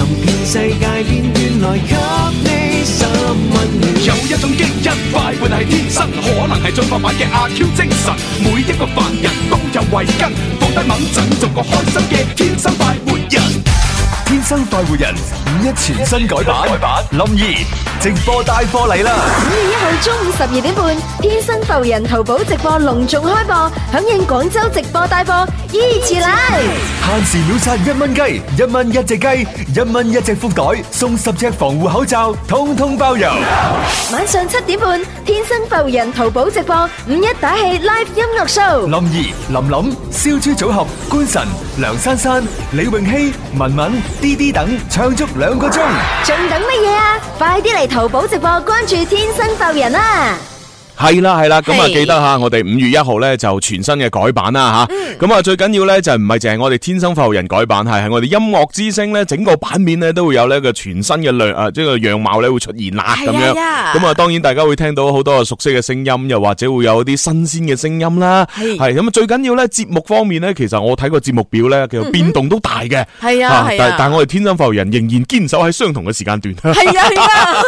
行遍世界，便願來給你十萬元。有一種基因快活係天生，可能係進化版嘅阿 Q 精神。每一個凡人都有慧根，放低矛盾，做個開心嘅天生快活人。天生快活人五一全新改版，林怡直播帶貨嚟啦！五月一號中午十二點半，天生快活人淘寶直播隆重開播，響應廣州直播帶貨，依次 live。限時秒殺一蚊雞，一蚊一隻雞，一蚊一隻福袋，送十隻防護口罩，通通包郵。晚上七點半，天生快活人淘寶直播五一打氣 live 音樂 show。林怡、林琳、燒豬組合、官神、梁珊珊、李永熙、文文。滴滴等唱足兩個鐘，仲等乜嘢啊？快啲嚟淘寶直播關注天生受人啦！係啦係啦，咁啊記得吓，我哋五月一號咧就全新嘅改版啦吓，咁、嗯、啊最緊要咧就唔係淨係我哋天生快活人改版，係係我哋音樂之聲咧整個版面咧都會有呢個全新嘅量啊，即個樣貌咧會出現啦咁樣，咁啊當然大家會聽到好多熟悉嘅聲音，又或者會有啲新鮮嘅聲音啦，係咁啊最緊要咧節目方面咧，其實我睇過節目表咧，叫做變動都大嘅，係啊，但係我哋天生快活人仍然堅守喺相同嘅時間段，係啊係啊，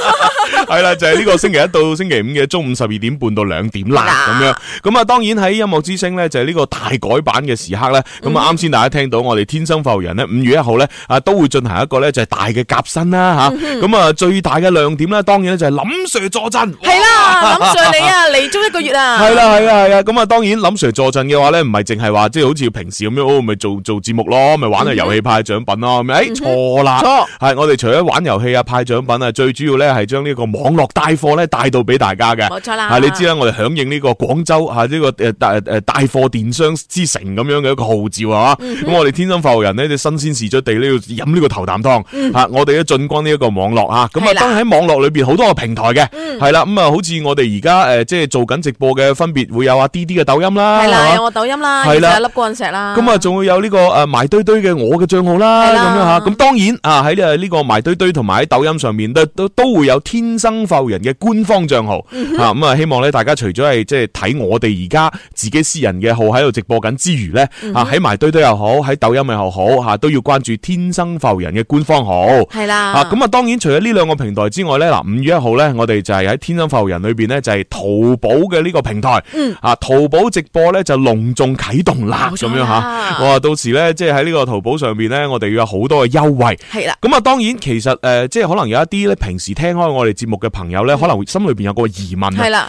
係啦 就係、是、呢個星期一到星期五嘅中午十二點。半到兩點啦咁樣，咁啊當然喺音樂之聲咧就係、是、呢個大改版嘅時刻咧，咁啊啱先大家聽到我哋天生發育人咧五月一號咧啊都會進行一個咧就係大嘅革新啦嚇，咁、嗯、啊最大嘅亮點咧當然咧就係林 Sir 助陣，係啦、啊，林 Sir 你啊嚟足一個月啊，係啦係啊係啊，咁啊，啊，啊當然林 Sir 助陣嘅話咧唔係淨係話即係好似平時咁樣，我咪做做節目咯，咪玩下遊戲派獎品咯，咁、嗯、誒、哎、錯啦，係我哋除咗玩遊戲啊派獎品啊，最主要咧係將呢個網絡帶貨咧帶到俾大家嘅，冇錯啦，知啦，我哋響應呢個廣州吓呢個誒誒誒大貨電商之城咁樣嘅一個號召啊，咁、嗯、我哋天生發育人呢，就新鮮事出地呢，要飲呢個頭啖湯吓，我哋要進軍呢一個網絡吓，咁啊喺網絡裏邊好多個平台嘅係啦，咁、嗯、啊好似我哋而家誒即係做緊直播嘅，分別會有啊啲啲嘅抖音啦，係啦，有我抖音啦，係啦，粒鑽石啦，咁啊仲會有呢、這個誒、啊、埋堆堆嘅我嘅賬號啦，咁樣吓，咁當然啊喺誒呢個埋堆堆同埋喺抖音上面都都都會有天生發育人嘅官方賬號吓，咁、嗯、啊希望。希望大家除咗係即係睇我哋而家自己私人嘅號喺度直播緊之餘呢，啊喺埋堆堆又好，喺抖音咪又好吓，都要關注天生浮人嘅官方號。係啦，咁啊，當然除咗呢兩個平台之外呢嗱，五月一號呢，我哋就係喺天生浮人裏邊呢就係淘寶嘅呢個平台，啊、嗯，淘寶直播呢，就隆重啟動啦，咁、嗯、樣吓，哇、啊，到時呢，即係喺呢個淘寶上邊呢，我哋要有好多嘅優惠，係啦。咁啊，當然其實誒、呃，即係可能有一啲呢，平時聽開我哋節目嘅朋友呢、嗯，可能會心裏邊有個疑問，係啦。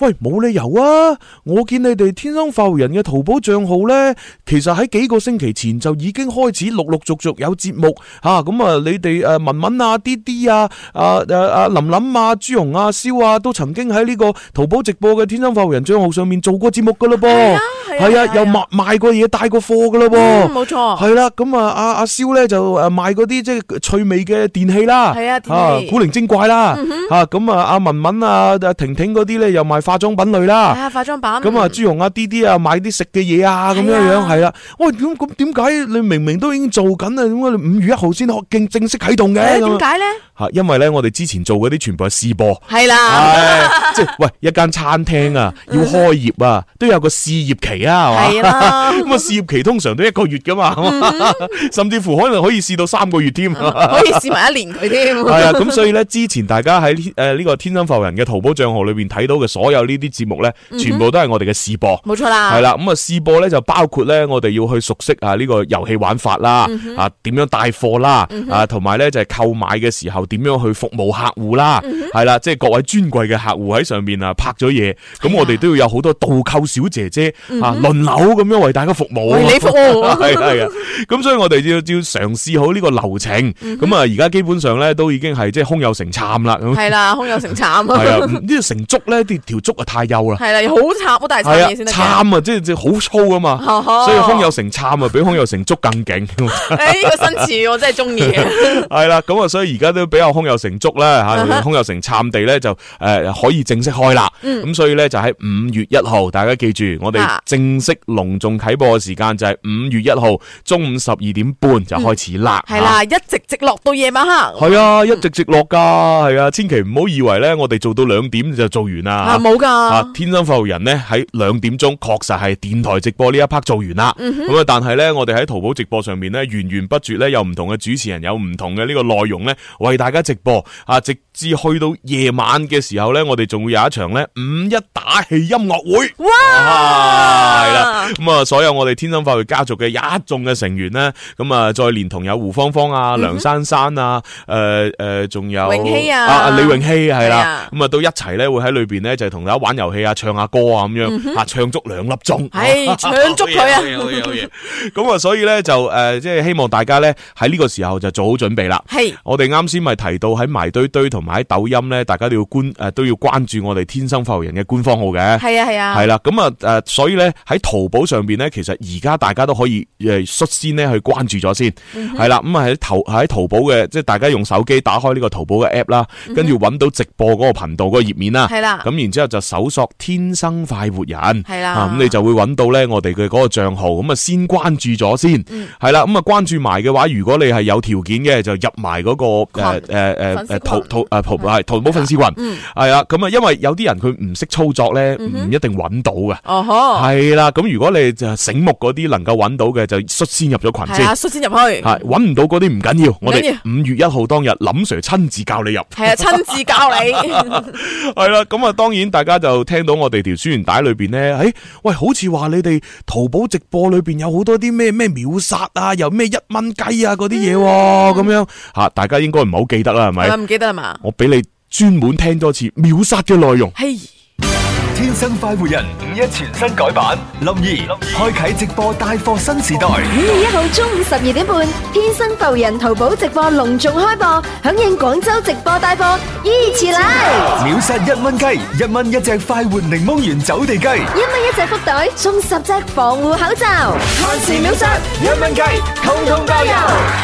喂，冇理由啊！我見你哋天生發育人嘅淘寶賬號咧，其實喺幾個星期前就已經開始陸陸續，續續有節目吓，咁啊，你哋誒、啊、文文啊、啲啲啊、阿誒阿林林啊、朱紅阿蕭啊，都曾經喺呢個淘寶直播嘅天生發育人賬號上面做過節目噶咯噃，係啊，係、啊啊、又賣、啊啊、賣，賣過嘢、帶過貨噶咯，冇錯，係啦，咁啊，阿阿蕭咧就誒賣啲即係趣味嘅電器啦，係啊，啊，古靈精怪啦，吓、嗯、咁啊，阿、啊、文文啊、婷婷啲咧又賣。化妝品類啦、啊，化妝品咁啊，豬紅啊，啲啲啊，買啲食嘅嘢啊，咁、啊、樣樣係啦。喂，咁咁點解你明明都已經做緊啊？點解你五月一號先可正正式啟動嘅。點解咧？吓，因為咧，我哋之前做嗰啲全部係試播。係啦。 即係喂，一間餐廳啊、嗯，要開業啊，都有個試業期啊，係嘛。係啦。咁啊，試業期通常都一個月噶嘛，嗯、 甚至乎可能可以試到三個月添、嗯，可以試埋一年佢添。係 啊，咁所以咧，之前大家喺誒呢個天生浮人嘅淘寶賬號裏邊睇到嘅所有。呢啲節目咧，全部都係我哋嘅試播，冇錯啦，係、嗯、啦。咁啊，試播咧就包括咧，我哋要去熟悉啊呢個遊戲玩法啦，嗯、啊點樣帶貨啦，嗯、啊同埋咧就係購買嘅時候點樣去服務客戶啦，係、嗯、啦，即、就、係、是、各位尊貴嘅客戶喺上邊啊拍咗嘢，咁、哎、我哋都要有好多導購小姐姐啊輪、哎、流咁樣為大家服務，為你服務係 啊，咁所以我哋要要嘗試好呢個流程。咁啊，而家基本上咧都已經係即係空有成慘啦，係啦，空有成慘啊， 這個、呢個成竹咧啲條竹啊太幼啦，係啦，好杉好大杉嘅嘢先得。杉啊，即係好粗啊嘛， 所以空有成杉啊，比空有成竹更勁。呢、 哎這個新詞我真係中意。係啦，咁啊，所以而家都比較空有成竹啦吓， 空有成杉地咧就誒可以正式開啦。咁、嗯、所以咧就喺五月一號，大家記住，我哋正式隆重啟播嘅時間就係五月一號中午十二點半就開始啦。係、嗯、啦、啊，一直直落到夜晚黑。係啊，一直直落噶，係、嗯、啊，千祈唔好以為咧，我哋做到兩點就做完啦。嗯啊啊！天生發育人呢，喺兩點鐘確實係電台直播呢一 part 做完啦。咁、嗯、啊，但係呢，我哋喺淘寶直播上面呢，源源不絕呢，有唔同嘅主持人，有唔同嘅呢個內容呢，為大家直播啊，直至去到夜晚嘅時候呢，我哋仲會有一場呢五一打氣音樂會。哇！係、啊、啦，咁啊、嗯，所有我哋天生發育家族嘅一眾嘅成員呢，咁、嗯、啊，再連同有胡芳芳啊、梁珊珊啊、誒、呃、誒，仲、呃、有希啊啊李永熙係，啦，咁啊都一齊呢，會喺裏邊呢，就同、是。同佢玩遊戲啊，唱下歌啊，咁、嗯、樣啊，唱足兩粒鐘，係唱足佢啊！咁 啊， 所以咧就誒，即、呃、係希望大家咧喺呢個時候就做好準備啦。係我哋啱先咪提到喺埋堆堆同埋喺抖音咧，大家都要觀誒、呃、都要關注我哋天生發育人嘅官方號嘅。係啊係啊，係啦、啊。咁啊誒、呃，所以咧喺淘寶上邊咧，其實而家大家都可以誒、呃、率先咧去關注咗先。係、嗯、啦，咁啊喺淘喺淘寶嘅，即係大家用手機打開呢個淘寶嘅 app 啦、嗯，跟住搵到直播嗰個頻道嗰個頁面啦。係、嗯、啦，咁然之後。就搜索天生快活人，係啦、啊，咁、啊、你就會揾到咧我哋嘅嗰個賬號，咁啊先關注咗先，係、嗯、啦，咁啊關注埋嘅話，如果你係有條件嘅，就入埋、嗰個誒誒誒誒淘淘誒淘寶粉絲群，係、呃、啊，咁啊，啊、嗯、啊，因為有啲人佢唔識操作咧，唔、嗯、一定揾到嘅，哦、嗯，係啦、啊，咁如果你就醒目啲能夠揾到嘅，就率先入咗群先、啊，率先入去，係揾唔、啊、到嗰啲唔緊要，我哋五月一號當日林 Sir 親自教你入，係啊，親自教你，係啦，咁啊，當然。大家就聽到我哋條宣傳帶裏邊呢，誒、欸，喂，好似話你哋淘寶直播裏邊有好多啲咩咩秒殺啊，又咩一蚊雞啊嗰啲嘢喎，咁、啊嗯、樣吓，大家應該唔好記得啦，係咪？唔記得啊嘛？我俾你專門聽多次秒殺嘅內容。天生快活人五一全新改版，林兒開啟直播帶貨新時代。五月一號中午十二點半，天生浮人淘寶直播隆重開播，響應廣州直播帶貨，依次來秒殺一蚊雞，一蚊一隻快活檸檬圓走地雞，一蚊一隻福袋送十隻防護口罩，限時秒殺一蚊雞，通通包郵。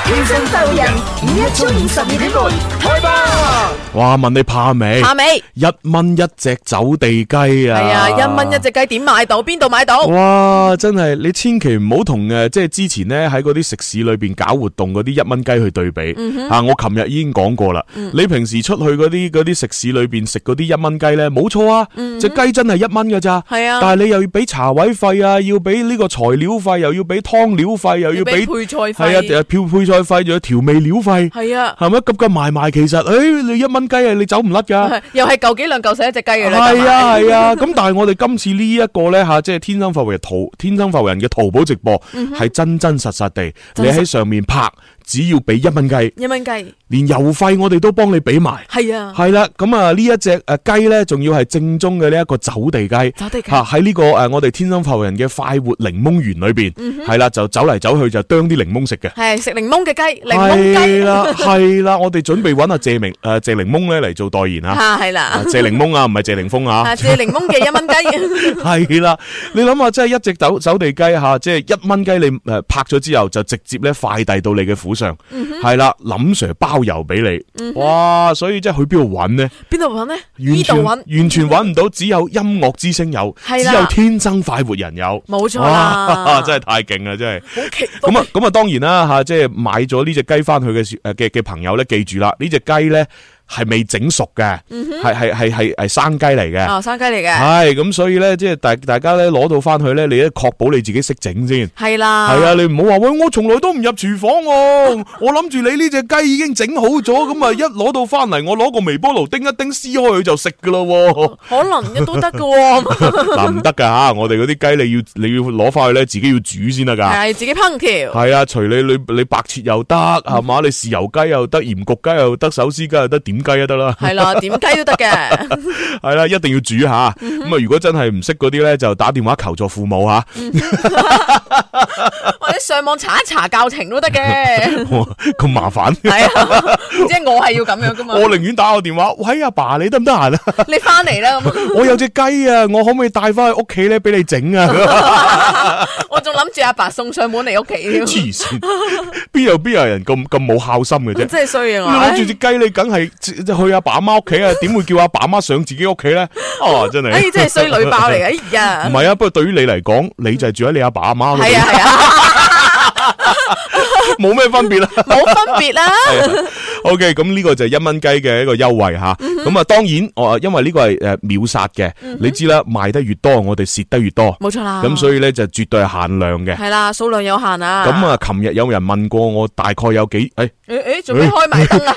天生快活人五一中午十二點半，開播！哇，問你怕未？怕未？一蚊一隻走地雞。係啊，一蚊一隻雞點買到？邊度買到？哇，真係你千祈唔好同，誒，即係之前咧喺嗰啲食肆裏邊搞活動嗰啲一蚊雞去對比。吓，我琴日已經講過啦。你平時出去嗰啲嗰啲食肆裏邊食嗰啲一蚊雞咧，冇錯啊，隻雞真係一蚊噶咋。係啊，但係你又要俾茶位費啊，要俾呢個材料費，又要俾湯料費，又要俾配菜費，係啊，誒，漂配菜費，仲有調味料費，係啊，係咪夾夾埋埋？其實誒，你一蚊雞啊，你走唔甩噶，又係夠幾兩舊成一隻雞噶啦。係啊，係啊。咁 但係我哋今次呢、這、一個咧吓，即、啊、係、就是、天生發為人淘天生發為人嘅淘寶直播，係、嗯、真真實實地，實你喺上面拍。只要俾一蚊雞，一蚊雞，連郵費我哋都幫你俾埋，係啊，係啦、啊，咁啊一隻雞呢一隻誒雞咧，仲要係正宗嘅呢一個走地雞，走地雞，吓喺呢個誒、啊、我哋天生浮人嘅快活檸檬園裏邊，係、嗯、啦、啊，就走嚟走去就啄啲檸檬食嘅，係食檸檬嘅雞，檸檬雞啦，係啦、啊啊 啊，我哋準備揾阿謝明誒、呃、謝檸檬咧嚟做代言啊，吓係啦，謝檸檬啊，唔係謝檸峰啊，啊謝檸檬嘅一蚊雞，係 啦、啊，你諗下，即係一隻走走地雞吓，即、啊、係一蚊雞你誒拍咗之後就直接咧快遞到你嘅府。上係啦，林 Sir 包郵俾你、嗯，哇！所以即係去邊度揾咧？邊度揾咧？呢度揾，完全揾唔到，只有音樂之聲有，只有天生快活人有，冇錯啊！真係太勁啦，真係咁啊！咁啊！當然啦，吓即係買咗呢隻雞翻去嘅誒嘅嘅朋友咧，記住啦，隻雞呢隻雞咧。係未整熟嘅，係係係係係生雞嚟嘅。哦，生雞嚟嘅。係咁，所以咧，即係大大家咧攞到翻去咧，你咧確保你自己識整先。係啦。係啊，你唔好話喂，我從來都唔入廚房哦、啊。 我諗住你呢隻雞已經整好咗，咁啊一攞到翻嚟，我攞個微波爐叮一叮，撕開佢就食噶咯。可能一都得噶、啊。嗱，唔得噶吓，我哋嗰啲雞你要你要攞翻去咧，自己要煮先得噶。係、啊、自己烹調。係啊，除你你你白切又得係嘛，你豉油雞又得，鹽焗雞又得，手撕雞又得點。點雞都得啦，係啦，點雞都得嘅，係 啦，一定要煮吓。咁啊，如果真係唔識嗰啲咧，就打電話求助父母吓、啊， 或者上網查一查教程都得嘅。咁 麻煩係啊，即 係、哎、我係要咁樣噶嘛。我寧願打個電話，喂阿爸，爸，你得唔得閒啊？ 你翻嚟啦，我有隻雞啊，我可唔可以帶翻去屋企咧？俾你整啊！ 我仲諗住阿爸送上門嚟屋企添。黐 線，邊有邊有人咁咁冇孝心嘅啫？真係衰啊！諗住隻雞，你梗係。去阿爸阿媽屋企啊？點會叫阿爸阿媽上自己屋企咧？哦、啊，真係，哎，真係衰女爆嚟嘅哎呀，唔係啊，不過對於你嚟講，你就係住喺你阿爸阿媽度。係啊係啊，冇咩、啊、 分別啦，冇分別啦。O.K. 咁呢個就係一蚊雞嘅一個優惠吓，咁、嗯、啊當然我因為呢個係誒秒殺嘅、嗯，你知啦，賣得越多我哋蝕得越多，冇錯啦。咁所以咧就絕對係限量嘅。係啦，數量有限啊。咁啊，琴日有人問過我大概有幾誒誒，做、哎、咩、欸欸、開埋燈啦？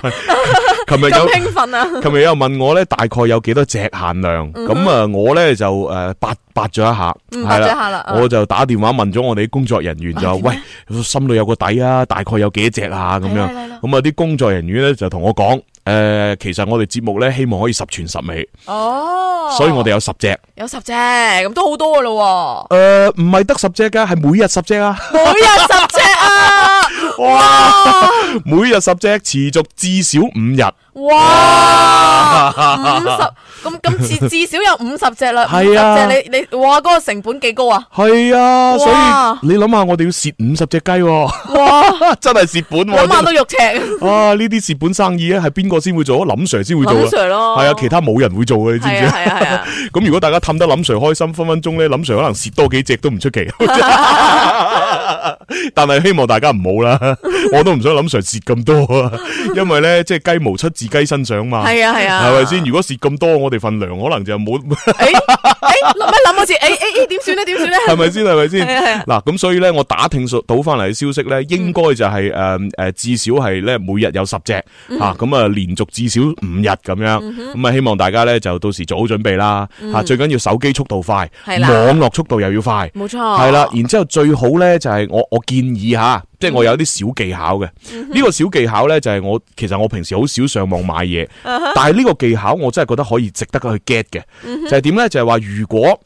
琴日咁興奮啊！琴日又問我咧大概有幾多隻限量？咁、嗯、啊，我咧就誒八八咗一下，八、嗯、咗一下啦。我就打電話問咗我哋啲工作人員、啊、就喂，我心裏有個底啊，大概有幾多隻啊？咁樣，咁啊啲工作人員。咧就同我講，誒、呃，其實我哋節目咧希望可以十全十美哦，所以我哋有十隻，有十隻、啊呃、隻咁都好多噶咯，誒，唔係得十隻噶，係每日十隻啊，每日十隻啊 哇，哇，每日十隻，持續至少五日，哇，哇，五十咁咁至至少有五十隻啦，五十、啊、隻，你你，哇，嗰、那個成本幾高啊？係啊，所以你諗下，我哋要蝕五十隻雞，哇，真係蝕本、啊，我晚都肉赤。哇、啊，呢啲蝕本生意咧，係邊個先會做啊？林 Sir 先會做林 Sir 咯，係啊，其他冇人會做嘅，你知唔知啊？咁、啊啊、 如果大家氹得林 Sir 開心，分分鐘咧，林 Sir 可能蝕多幾隻都唔出奇。 但係希望大家唔好啦， 我都唔想林 Sir 蝕咁多啊，因為咧，即係雞毛出自雞身上嘛。係啊係啊，係咪先？如果蝕咁多我。我哋份糧可能就冇、 欸，誒、欸、誒，咩諗好似誒誒誒？點、欸欸、算咧？點算咧？係咪先？係咪先？嗱，咁所以咧，我打聽到翻嚟嘅消息咧，應該就係誒誒，至少係咧每日有十隻吓，咁、嗯、啊，連續至少五日咁樣，咁啊，希望大家咧就到時做好準備啦，吓，最緊要手機速度快，網絡速度又要快，冇錯，係啦，然之後最好咧就係我我建議吓。即係我有啲小技巧嘅，呢、mm -hmm. 個小技巧呢，就係我其實我平時好少上網買嘢，uh -huh. 但係呢個技巧我真係覺得可以值得去 get 嘅，mm -hmm. 就係點呢？就係、是、話如果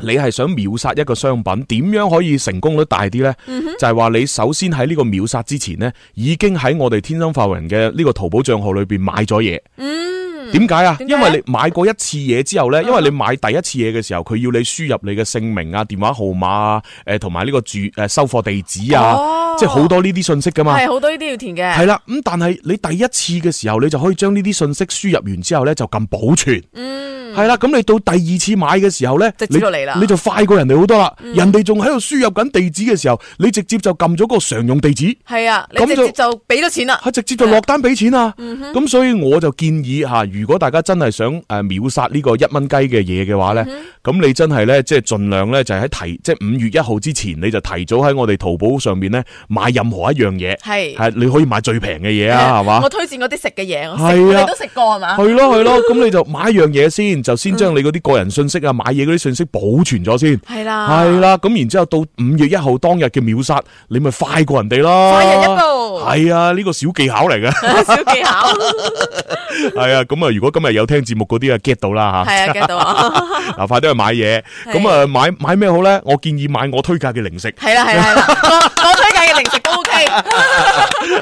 你係想秒殺一個商品，點樣可以成功率大啲呢？Mm -hmm. 就係話你首先喺呢個秒殺之前呢，已經喺我哋天生發人嘅呢個淘寶賬號裏邊買咗嘢。Mm -hmm. 點解啊？因為你買過一次嘢之後咧、啊，因為你買第一次嘢嘅時候，佢要你輸入你嘅姓名啊、電話號碼啊、誒同埋呢個住誒、呃、收貨地址啊、哦，即係好多呢啲信息噶嘛，係好多呢啲要填嘅。係啦，咁但係你第一次嘅時候，你就可以將呢啲信息輸入完之後咧，就撳保存。嗯，係啦，咁你到第二次買嘅時候咧，直接嚟啦，你就快過人哋好多啦。嗯、人哋仲喺度輸入緊地址嘅時候，你直接就撳咗個常用地址。係啊，咁就就俾咗錢啦。係直接就落單俾錢啊。咁、嗯、所以我就建議吓如果大家真係想誒秒殺呢個一蚊雞嘅嘢嘅話咧，咁你真係咧即係盡量咧就係喺提即係五月一號之前，你就提早喺我哋淘寶上面咧買任何一樣嘢，係係你可以買最平嘅嘢啊，係嘛？我推薦嗰啲食嘅嘢，我食你都食過係嘛？係咯係咯，咁你就買一樣嘢先，就先將你嗰啲個人信息啊、買嘢嗰啲信息保存咗先，係啦，係啦，咁然之後到五月一號當日嘅秒殺，你咪快過人哋咯，快人一步，係啊，呢個小技巧嚟嘅，小技巧，係啊，咁啊。如果今日有聽節目嗰啲啊 get 到啦吓，係啊 get 到啊，嗱 接到我笑快啲去買嘢，咁啊買買咩好咧？我建議買我推介嘅零食係啊，係啦係啦。 零食都 OK，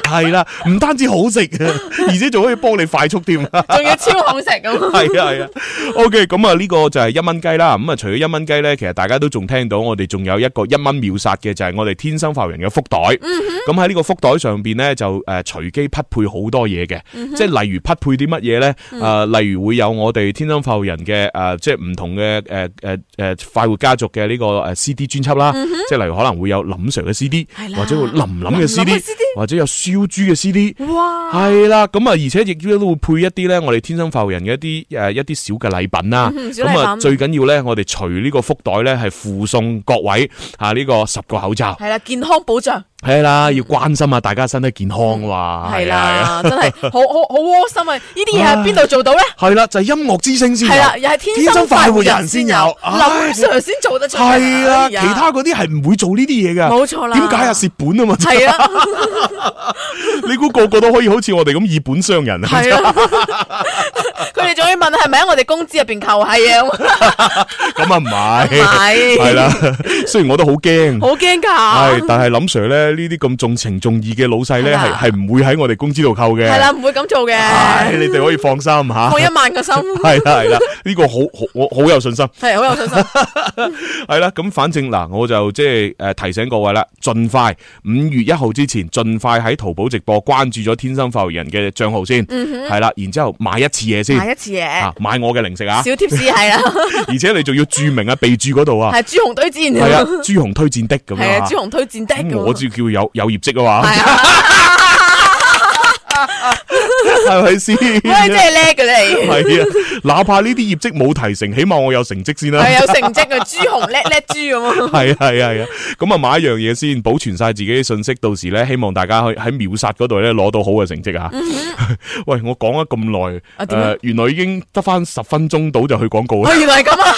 係 啦，唔單止好食，而且仲可以幫你快速掂，仲 要超好食咁。係啊係啊，OK，咁啊呢個就係一蚊雞啦。咁啊，除咗一蚊雞咧，其實大家都仲聽到我哋仲有一個一蚊秒殺嘅，就係、是、我哋天生快育人嘅福袋。咁喺呢個福袋上邊咧，就誒隨機匹配好多嘢嘅，即、mm、係 -hmm. 例如匹配啲乜嘢咧？誒、mm -hmm. 呃，例如會有我哋天生快活人嘅誒、呃，即係唔同嘅誒誒誒快活家族嘅呢個誒 CD 專輯啦。即、mm、係 -hmm. 例如可能會有林 Sir 嘅 CD、mm。-hmm. 林林嘅 CD，或者有燒豬嘅 CD，係啦，咁啊，而且亦都都會配一啲咧，我哋天生發育人嘅一啲誒，一啲小嘅禮品啦。咁啊，最緊要咧，我哋除呢個福袋咧，係附送各位吓呢個十個口罩。係啦，健康保障。係啦，要關心下大家身體健康哇，係、嗯、啦，真係好好好窩心啊！呢啲嘢喺邊度做到咧？係啦，就係、是、音樂之聲先有，係啦，又係天生快活人先有，人有，林 Sir 先做得出，係啊，其他嗰啲係唔會做呢啲嘢㗎。冇錯啦。點解啊？蝕本啊嘛，係啊， 你估個個都可以好似我哋咁以本傷人啊？係啊。 佢哋仲要問係咪喺我哋工資入邊扣？係啊？咁啊唔係，係啦。雖然我都好驚，好驚㗎，但係林 Sir 咧，呢啲咁重情重義嘅老細咧，係係唔會喺我哋工資度扣嘅。係啦，唔會咁做嘅。係你哋可以放心吓，放一萬個心。係啦係啦，呢個好好，我好有信心，係好有信心。係啦，咁反正嗱，我就即係誒提醒各位啦，盡快五月一號之前，盡快喺淘寶直播關注咗天生發育人嘅賬號先。嗯哼，係啦，然之後買一次嘢先。買一次嘢，啊啊，買我嘅零食啊！小貼士係啊， 而且你仲要注明啊，備注嗰度啊，係朱、啊紅，啊啊、紅推薦。係啊，朱、啊、紅推薦的咁樣。係啊，朱紅推薦的。我知叫有有業績啊嘛。係啊 係咪先？喂，真係叻嘅你。係啊，哪怕呢啲業績冇提成，起碼我有成績先啦。係有成績嘅朱紅叻叻豬咁。係係係啊，咁啊買一樣嘢先，保存晒自己嘅信息，到時咧希望大家可以喺秒殺嗰度咧攞到好嘅成績吓。喂，我講咗咁耐，誒，原來已經得翻十分鐘到就去廣告啦。啊，原來係咁啊。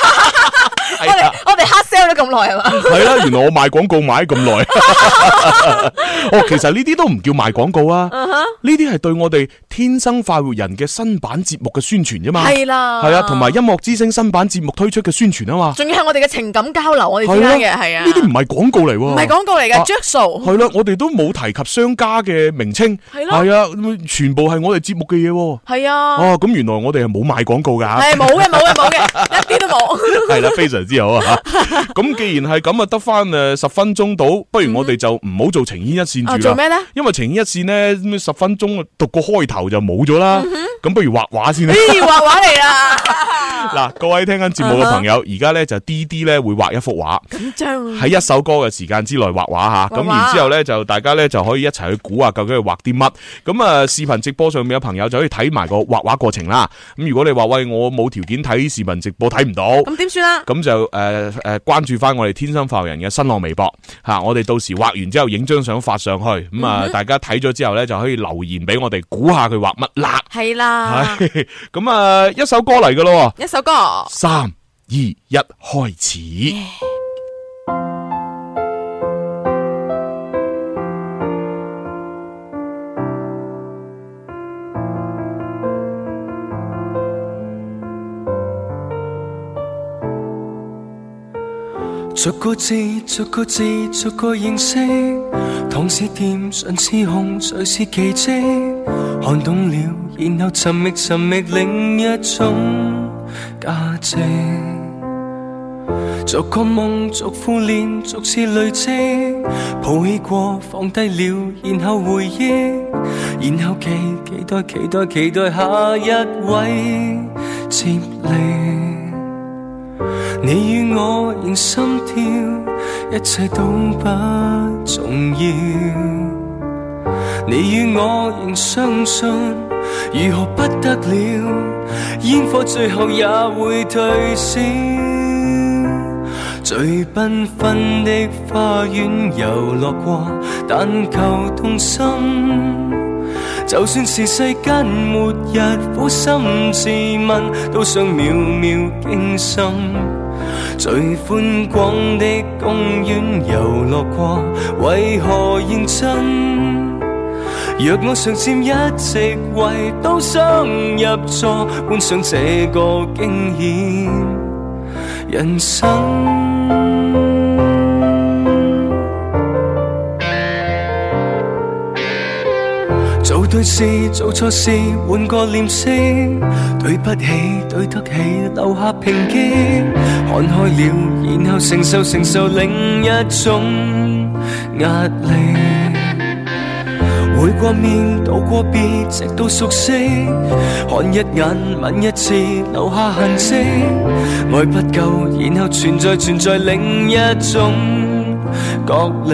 啊、我哋我哋 hard sell 咗咁耐係嘛？係啦 啊，原來我賣廣告買咁耐。 哦，其實呢啲都唔叫賣廣告啊，呢啲係對我哋天生快活人嘅新版節目嘅宣傳啫嘛。係啦，係啊，同埋、啊啊、音樂之聲新版節目推出嘅宣傳啊嘛。仲要係我哋嘅情感交流我之間、啊啊啊啊 Jigsaw 啊，我哋聽嘅係啊，呢啲唔係廣告嚟，唔係廣告嚟嘅。Jigsaw 係啦，我哋都冇提及商家嘅名稱，係咯、啊，係啊，全部係我哋節目嘅嘢。係啊，哦咁、啊啊、原來我哋係冇賣廣告噶、啊，係冇嘅，冇嘅，冇嘅， 一啲都冇。係啦、啊，非常之。有啊，咁既然係咁啊，得翻誒十分鐘到，不如我哋就唔好做情牽一綫住啦。做咩咧？因為情牽一綫咧，十分鐘讀個開頭就冇咗、嗯、啦。咁不如畫畫先啦。咦，畫畫嚟啦！嗱，各位聽緊節目嘅朋友，而家咧就啲啲咧會畫一幅畫。緊張，喺一首歌嘅時間之內畫畫吓，咁然之後咧就大家咧就可以一齊去估下究竟係畫啲乜？咁啊，視頻直播上面嘅朋友就可以睇埋個畫畫過程啦。咁如果你話喂我冇條件睇視頻直播睇唔到，咁點算啊？咁就。就誒誒關注翻我哋天生浮人嘅新浪微博吓、啊，我哋到時畫完之後影張相發上去，咁啊、嗯、大家睇咗之後呢，就可以留言俾我哋估下佢畫乜啦。係啦，咁 啊、嗯、一首歌嚟噶咯，一首歌，三二一開始。 逐個字，逐個字，逐個認識。糖是甜，唇是紅，誰是奇蹟？看懂了，然後尋覓，尋覓另一種價值。逐個夢，逐副臉，逐次累積。抱起過，放低了，然後回憶，然後期，期待，期待，期待下一位接力。你與我仍心跳，一切都不重要。你與我仍相信，如何不得了？煙火最後也會退燒。最繽紛的花園遊樂過，但求動心。就算是世間末日，撫心自問，都想秒秒驚心。最寬廣的公園遊樂過，為何認真？若我上佔一席位，都想入座，觀賞這個驚險人生。做對事，做錯事，換個臉色；對不起，對得起，留下平靜。看開了，然後承受承受另一種壓力。會過面，道過別，直到熟悉。看一眼，吻一次，留下痕跡。愛不夠，然後存在存在另一種角力。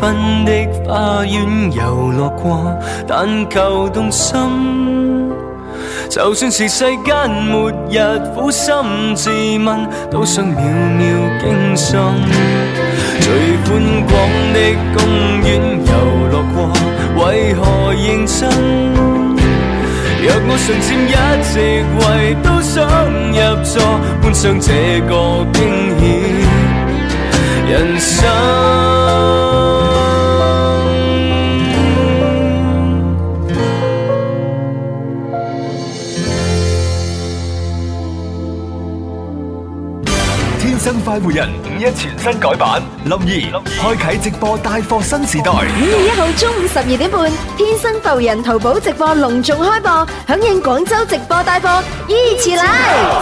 分的花園遊樂過，但求動心。就算是世間末日，苦心自問，都想秒秒驚心。最寬廣的公園遊樂過，為何認真？若我尚欠一席位，都想入座，觀賞這個驚險人生。生快活人五一全新改版，林兒開啟直播帶貨新時代。五月一號中午十二點半，天生浮人淘寶直播隆重開播，響應廣州直播帶貨，依次嚟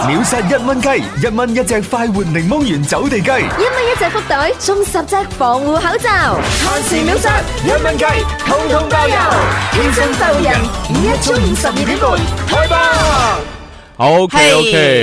秒殺一蚊雞，一蚊一隻快活檸檬圓走地雞，一蚊一隻福袋送十隻防護口罩，限時秒殺一蚊雞，通通包郵。天生浮人五一中午十二點半，開播。OK okay,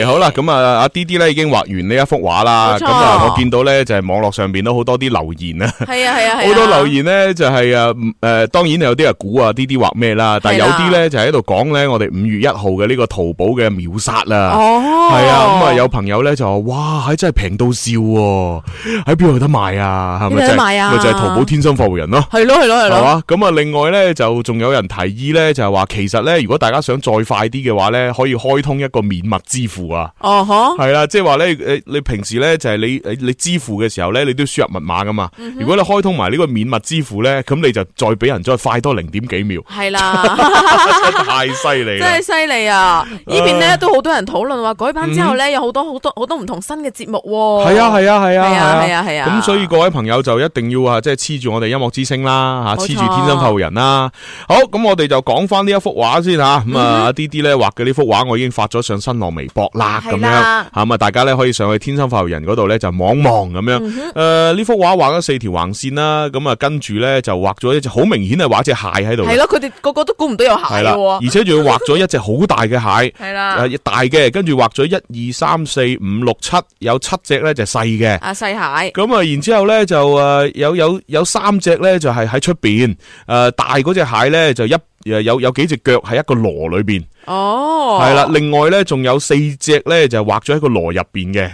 OK 好啦，咁、嗯、啊阿 D D 咧已經畫完呢一幅畫啦，咁啊、嗯、我見到咧就係、是、網絡上邊都好多啲留言啊，係啊係啊好、啊、多留言咧就係啊誒，當然有啲啊估啊 D D 畫咩啦，但係有啲咧、啊、就係喺度講咧，我哋五月一號嘅呢個淘寶嘅秒殺啦，係、哦、啊咁啊、嗯、有朋友咧就話哇喺、欸、真係平到笑喎，喺邊度有得賣啊？有得賣啊？咪、啊、就係、是就是、淘寶天生服務人咯、啊，係咯係咯係咯，係嘛、啊？咁啊，啊，啊、嗯、另外咧就仲有人提議咧就係話，其實咧如果大家想再快啲嘅話咧，可以開通一個免密支付啊，哦嗬，係啦，即係話咧，誒，你平時咧就係你你支付嘅時候咧，你都要輸入密碼噶嘛。Uh -huh. 如果你開通埋呢個免密支付咧，咁你就再俾人再快多零點幾秒。係、uh、啦 -huh. 啊 uh -huh.，太犀利，真係犀利啊！呢邊咧都好多人討論話改版之後咧，有好多好多好多唔同的新嘅節目、啊。係、uh -huh. 啊，係啊，係啊，係啊，係啊，咁、啊啊啊、所以各位朋友就一定要啊，即係黐住我哋音樂之聲啦，吓黐住天生快活人啦。好，咁我哋就講翻呢一幅畫先吓、啊。咁、uh -huh. 啊，D 啲咧畫嘅呢幅畫我已經發咗。咗上新浪微博啦，咁樣，咁啊，大家咧可以上去《天生發育人》嗰度咧就望望咁樣。誒、嗯，呢、呃、幅畫畫咗四條橫線啦，咁啊，跟住咧就畫咗一隻好明顯係畫隻蟹喺度。係咯，佢哋個個都估唔到有蟹嘅、啊，而且仲要畫咗一隻好大嘅蟹。係啦、呃，大嘅，跟住畫咗一二三四五六七隻、啊細有，有七隻咧就細嘅，啊細蟹。咁啊，然之後咧就誒有有有三隻咧就係喺出邊，誒、呃、大嗰隻蟹咧就一誒有有幾隻腳喺一個籮裏邊。哦，係啦，另外咧，仲有四隻咧，就係畫咗喺個籮入邊嘅。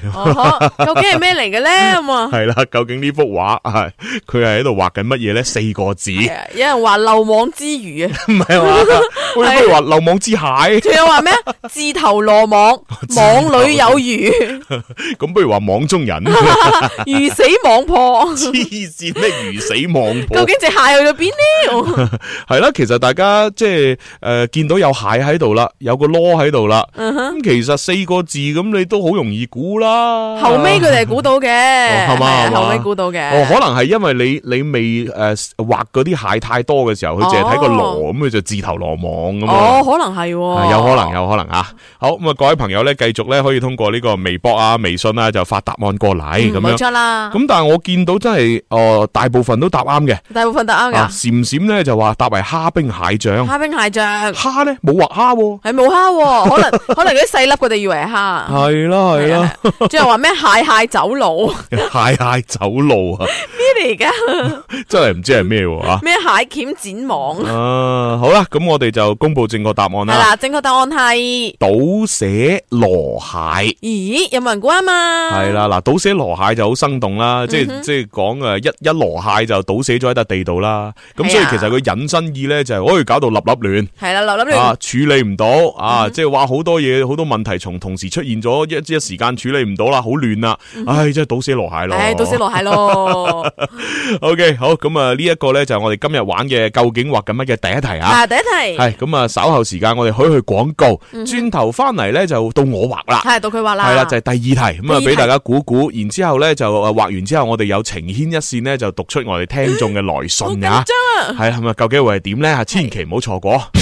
究竟係咩嚟嘅咧？咁啊，係啦，究竟呢幅畫啊，佢係喺度畫緊乜嘢咧？四個字，有人話漏網之魚，唔係話，不如話漏網之蟹，仲有話咩？自投羅網， 網裏有魚，咁 不如話網中人， 魚死網破，黐線咩？魚死網破， 究竟隻蟹去到邊呢？係 啦，其實大家即係誒、呃、見到有蟹喺度啦。有個螺喺度啦，咁、嗯、其實四個字咁你都好容易估啦。後尾佢哋係估到嘅，係 嘛、哦？後尾估到嘅，哦，可能係因為你你未誒畫嗰啲蟹太多嘅時候，佢淨係睇個螺，咁佢就自投羅網咁。哦，哦可能係、啊啊，有可能有可能吓、啊，好，咁啊，各位朋友咧，繼續咧可以通過呢個微博啊、微信啊，就發答案過嚟咁、嗯、樣。啦。咁但係我見到真係，哦、呃，大部分都答啱嘅，大部分答啱嘅。閃閃咧就話答為蝦冰蟹將，蝦冰蟹將，蝦咧冇畫蝦。蝦係冇蝦，可能可能嗰啲細粒，佢哋以為蝦。係啦係啦，最後話咩蟹蟹走路，蟹蟹走路啊？咩嚟噶？真係唔知係咩吓？咩蟹鉗剪網啊？好啦，咁我哋就公布正確答案啦。係啦，正確答案係倒瀉籮蟹。咦？有冇人估啊？嘛係啦，嗱，倒瀉籮蟹就好生動啦，即係即係講啊，一一籮蟹就倒瀉咗喺笪地度啦。咁所以其實佢引申意咧就係可以搞到粒粒亂。係啦，粒粒亂啊，處理唔到。到啊，即係話好多嘢，好多問題從同時出現咗一時間處理唔到啦，好亂啦，唉，真係倒死羅蟹咯，唉，倒死羅蟹咯。 OK，好咁啊，呢一個咧就係我哋今日玩嘅究竟畫緊乜嘅第一題啊。第一題係咁啊，稍後時間我哋可去廣告，轉頭翻嚟咧就到我畫啦，係到佢畫啦，係啦就係、是、第二題咁啊，俾大家估估，然之後咧就誒畫完之後，我哋有情牽一線咧就讀出我哋聽眾嘅來信啊，係、嗯、咪？究竟會係點咧？吓，千祈唔好錯過。嗯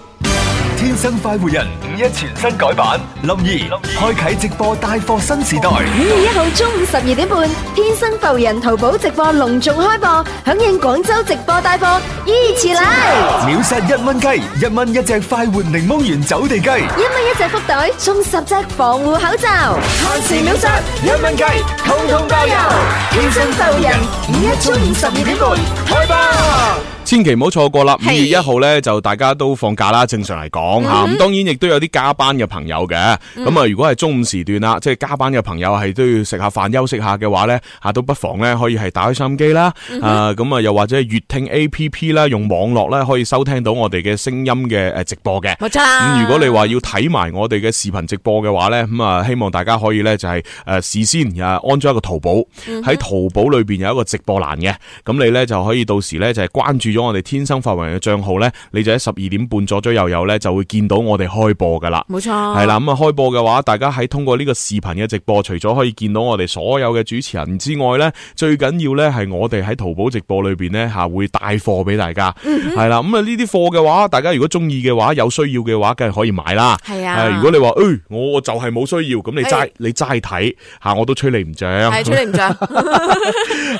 生快活人五一全新改版，林二開啟直播帶貨新時代。五月一號中午十二點半，天生浮人淘寶直播隆重開播，響應廣州直播帶貨，依次來秒殺一蚊雞，一蚊一隻快活檸檬圓走地雞，一蚊一隻福袋送十隻防護口罩，限時秒殺一蚊雞，通通包郵。天生浮人五一中午十二點半開播。千祈唔好錯過啦！五月一號咧就大家都放假啦，正常嚟講吓，咁當然亦都有啲加班嘅朋友嘅。咁啊，如果係中午時段啦，即係加班嘅朋友係都要食下飯休息下嘅話咧，吓都不妨咧可以係打開收音機啦，誒咁啊又或者係粵聽 A P P 啦，用網絡咧可以收聽到我哋嘅聲音嘅誒直播嘅。冇錯。咁如果你話要睇埋我哋嘅視頻直播嘅話咧，咁啊希望大家可以咧就係誒事先啊安裝一個淘寶，喺淘寶裏邊有一個直播欄嘅，咁你咧就可以到時咧就係關注咗。我哋天生發源嘅賬號咧，你就喺十二點半左左右右咧，就會見到我哋開播噶啦。冇錯，係啦。咁啊，開播嘅話，大家喺通過呢個視頻嘅直播，除咗可以見到我哋所有嘅主持人之外咧，最緊要咧係我哋喺淘寶直播裏邊咧吓，會帶貨俾大家。係、嗯、啦，咁啊呢啲貨嘅話，大家如果中意嘅話，有需要嘅話，梗係可以買啦。係啊。如果你話誒、欸，我我就係冇需要，咁你齋、欸、你齋睇吓，我都吹你唔漲，係吹你唔漲，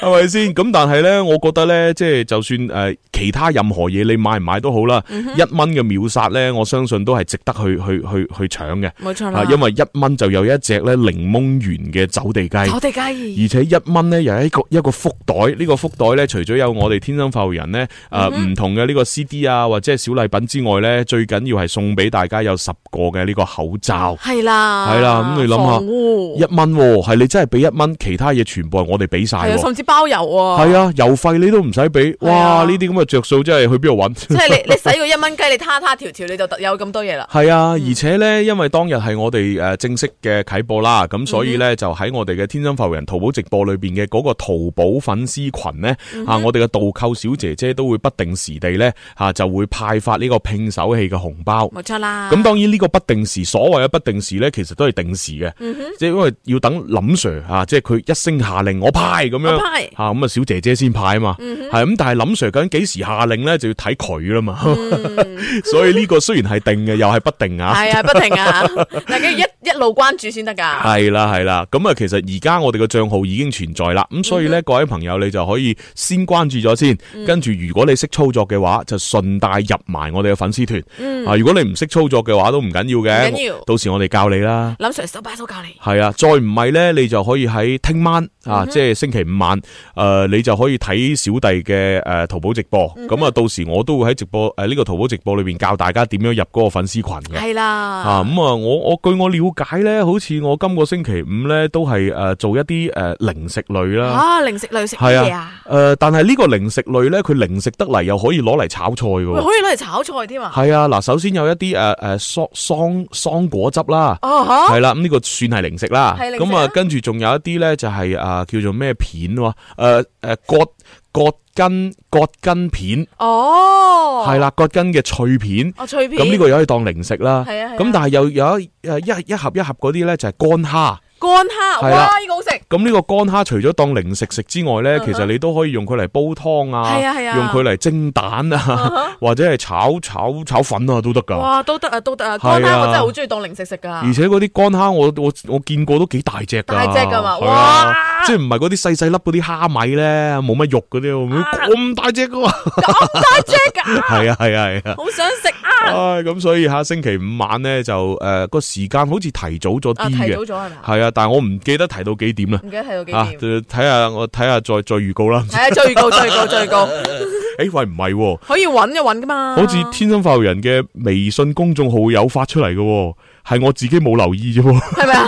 係咪先？咁但係咧，我覺得咧，即係就算誒。呃其他任何嘢你買唔買都好啦，一蚊嘅秒殺咧，我相信都係值得去去去去搶嘅。冇錯啦，因為一蚊就有一隻咧檸檬園嘅走地雞。走地雞，而且一蚊咧有一個一個福袋，呢個福袋咧除咗有我哋天生發育人咧誒唔同嘅呢個 CD 啊，或者小禮品之外咧，最緊要係送俾大家有十個嘅呢個口罩。係啦，係啦，喔，咁你諗下，一蚊係你真係俾一蚊，其他嘢全部係我哋俾晒，甚至包郵啊，啊！係啊，郵費你都唔使俾，哇呢啲咁着數即係去邊度揾？即係你你使個一蚊雞，你他他條條你就有咁多嘢啦。係啊，而且咧，因為當日係我哋誒正式嘅啟播啦，咁、嗯、所以咧就喺我哋嘅天津發福人淘寶直播裏邊嘅嗰個淘寶粉絲群咧、嗯，啊，我哋嘅導購小姐姐都會不定時地咧吓、啊、就會派發呢個拼手氣嘅紅包。冇錯啦。咁當然呢個不定時，所謂嘅不定時咧，其實都係定時嘅。即、嗯、係因為要等林 Sir 吓、啊，即係佢一聲下令我派咁樣。吓咁啊，小姐姐先派啊嘛。嗯哼。係咁，但係林 Sir 究竟幾？時下令咧就要睇佢啦嘛，嗯、 所以呢個雖然係定嘅，又係不定啊，係啊，不定啊，大家住一一路關注先得噶，係啦係啦，咁啊，其實而家我哋嘅賬號已經存在啦，咁、嗯、所以咧，各位朋友你就可以先關注咗先，跟、嗯、住如果你識操作嘅話就順帶入埋我哋嘅粉絲團，啊、嗯，如果你唔識操作嘅話都唔緊要嘅，唔緊要，到時我哋教你啦，林 Sir 手把手教你，係啊，再唔係咧你就可以喺聽晚、嗯、啊，即係星期五晚，誒、呃，你就可以睇小弟嘅誒淘寶直播。咁、嗯、啊，到時我都會喺直播誒呢、啊這個淘寶直播裏邊教大家點樣入嗰個粉絲群嘅。係啦，啊咁啊、嗯，我我據我了解咧，好似我今個星期五咧都係誒、呃、做一啲誒、呃、零食類啦。啊，零食類食乜嘢啊？誒、啊呃，但係呢個零食類咧，佢零食得嚟又可以攞嚟炒菜喎。可以攞嚟炒菜添啊？係啊，嗱，首先有一啲誒誒桑桑桑果汁啦，係、啊、啦，咁呢、嗯這個算係零食啦。咁啊，嗯、跟住仲有一啲咧、就係，就、呃、係叫做咩片喎？誒、呃、誒割。葛根葛根片哦，係啦，葛根嘅脆片，哦、脆片，咁呢個又可以當零食啦。係啊咁、啊、但係又有，有一誒一一盒一盒嗰啲咧就係乾蝦，乾蝦係呢個好食。咁呢個乾蝦除咗當零食食之外咧，uh -huh. 其實你都可以用佢嚟煲湯啊，係啊係啊。用佢嚟蒸蛋啊，uh -huh. 或者係炒炒炒粉啊都得噶。哇，都得啊都得啊！乾蝦我真係好中意當零食食噶、啊。而且嗰啲乾蝦我我我見過都幾大隻，大隻噶嘛哇！即係唔係嗰啲細細粒嗰啲蝦米咧，冇乜肉嗰啲，咁大隻噶，咁大隻噶，係啊係啊係啊，好想食啊！唉、啊，咁、 啊，啊啊啊哎、所以下星期五晚咧就誒個、呃、時間好似提早咗啲啊，提早咗係嘛？係啊，但係我唔記得提到幾點啦，唔記得提到幾點，睇、啊、下我睇下再再預告啦，係啊，再預告看看再預告，誒、 欸、喂唔係、啊，可以搵就搵噶嘛，好似天生發育人嘅微信公眾號有發出嚟嘅、啊。係我自己冇留意啫喎，係咪啊？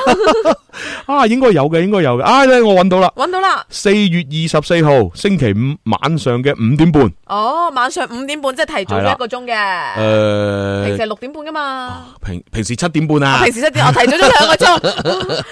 啊，應該有嘅，應該有嘅。哎，我揾到啦，揾到啦。四月二十四號星期五晚上嘅五點半。哦，晚上五點半，即係提早咗一個鐘嘅。誒，平時六點半噶嘛？平平時七點半啊？平時七點，我提早咗兩個鐘，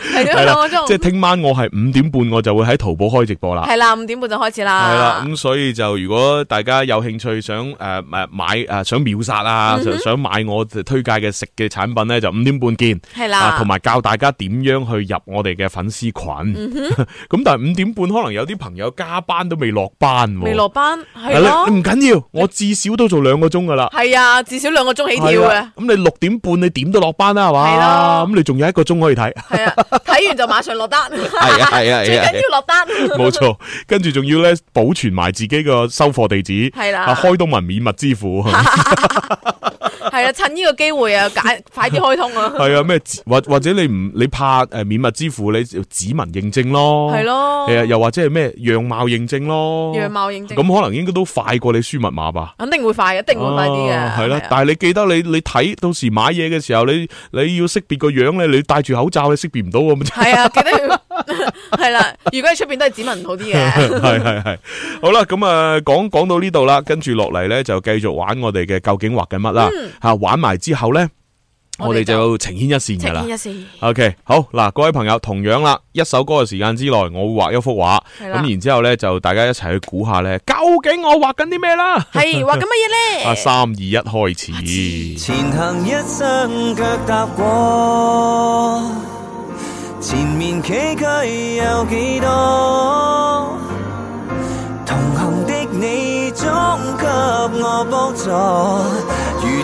提早咗兩個鐘。即係聽晚我係五點半，我就會喺淘寶開直播啦。係啦，五點半就開始啦。係啦，咁所以就如果大家有興趣想誒誒買誒想秒殺啊，想買我推介嘅食嘅產品咧，就五點。點半見，係啦，同埋教大家點樣去入我哋嘅粉絲群。咁、嗯、 但係五點半可能有啲朋友加班都未落班，未落班係咯，唔緊、啊、要緊，我至少都做兩個鐘噶啦。係啊，至少兩個鐘起跳嘅。咁、啊、你六點半你點都落班啦，係嘛？係啦、啊。咁你仲有一個鐘可以睇。係啊，睇完就馬上落單。係 啊，係啊，啊，最緊要落單。冇錯、啊，跟住仲要咧保存埋自己個收貨地址。係啦、啊，開到文免密支付。 係啊，趁呢個機會啊，快快啲開通啊！ 係啊，咩或或者，你唔你怕誒免密支付，你指紋認證咯。係咯，係啊，又或者係咩樣貌認證咯？樣貌認證咁可能應該都快過你輸密碼吧？肯定會快，一定會快啲嘅。係、啊、啦、啊啊，但係你記得你你睇到時買嘢嘅時候，你你要識別個樣咧，你戴住口罩你識別唔到啊係啊， 記得係要啦、 啊。如果你出邊都係指紋好啲嘅。係係係，好啦，咁、嗯、啊，講講到呢度啦，跟住落嚟咧就繼續玩我哋嘅究竟畫緊乜啦。嗯吓、啊、玩埋之後呢，我哋就要呈牽一線噶啦 ok，好嗱，各位朋友同樣啦，一首歌嘅時間之內我會畫一幅畫咁，然之後呢就大家一齊去估下呢，究竟我畫緊啲咩啦？係，畫緊乜嘢呢？啊，三二一，開始。前行一生腳踏過前面崎嶇，有幾多同行的你總給我幫助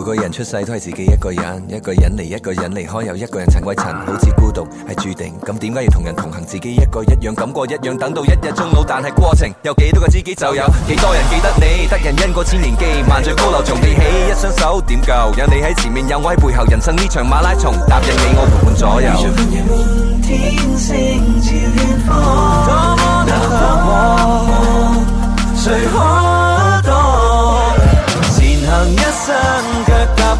每個人出世都係自己一個人，一個人嚟，一個人離開，又一個人。塵歸塵，好似孤獨係註定。咁點解要同人同行？自己一個一樣感覺，一樣等到一日終老。但係過程有幾多個知己就有幾多人記得你。得人恩果千年記，萬丈高樓從地起，一雙手點夠？有你喺前面，有我喺背後。人生呢場馬拉松，答應你我陪伴左右。遙遙滿天星照遠方，多麼的渴望，誰可擋？前行一生。